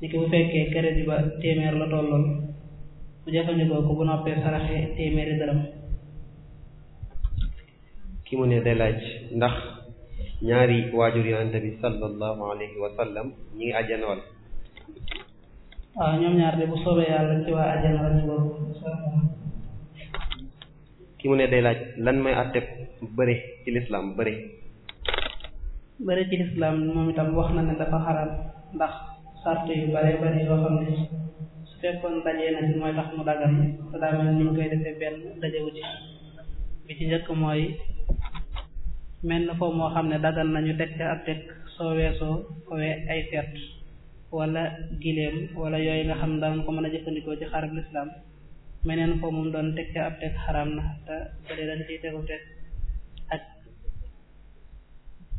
Speaker 6: niki bu fekkee crédit ba téeméer la tolloon mu jëfandikoo ko bu noppee saraxe téeméeri dërëm
Speaker 3: ki mu ne day laaj ndax ñaari waajur yonente bi sallallahu alayhi wa sallam ñi ngi àjjana
Speaker 6: ñoom ñaar bu soobee yàlla ci waa àjjana lañu bokk
Speaker 3: ki mu ne day laaj lan mooy àtteb bëre ci lislaam bëre
Speaker 6: bari ci lislaam moom itam wax na ne dafa xaram ndax sart yu bare bare ne su fekkoon dajee na ci mooy tax mu dagal te benn dajewu ci bi ci na foofu moo xam ne dagal nañu teg ca ak teg soo ay feet wala giléem wala yooyu nga xam ne daan ko mën a jëfandikoo ci xarab lislaam meneen foofu moom doon teg ca ab na te bëri dañ ciy tegu teg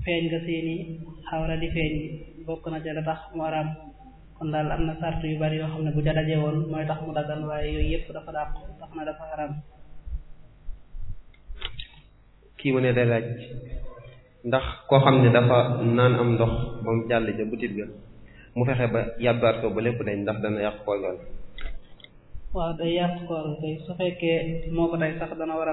Speaker 6: feeñ nga seeni xawra di feeñ bokk na ca la tax mu araam kon daal am na sart yu bari yoo xam ne bu ca dajee woon mooy tax mu dagan waaye yëpp dafa dàq tax
Speaker 3: na koo xam ne dafa naan am ndox ba mu jàll ca butit ga mu fexe ba yàbbaat ko ba lépp dañ ndax dana yàq koor ga
Speaker 6: waaw day yàq koor kay fekkee moo ko sax dana war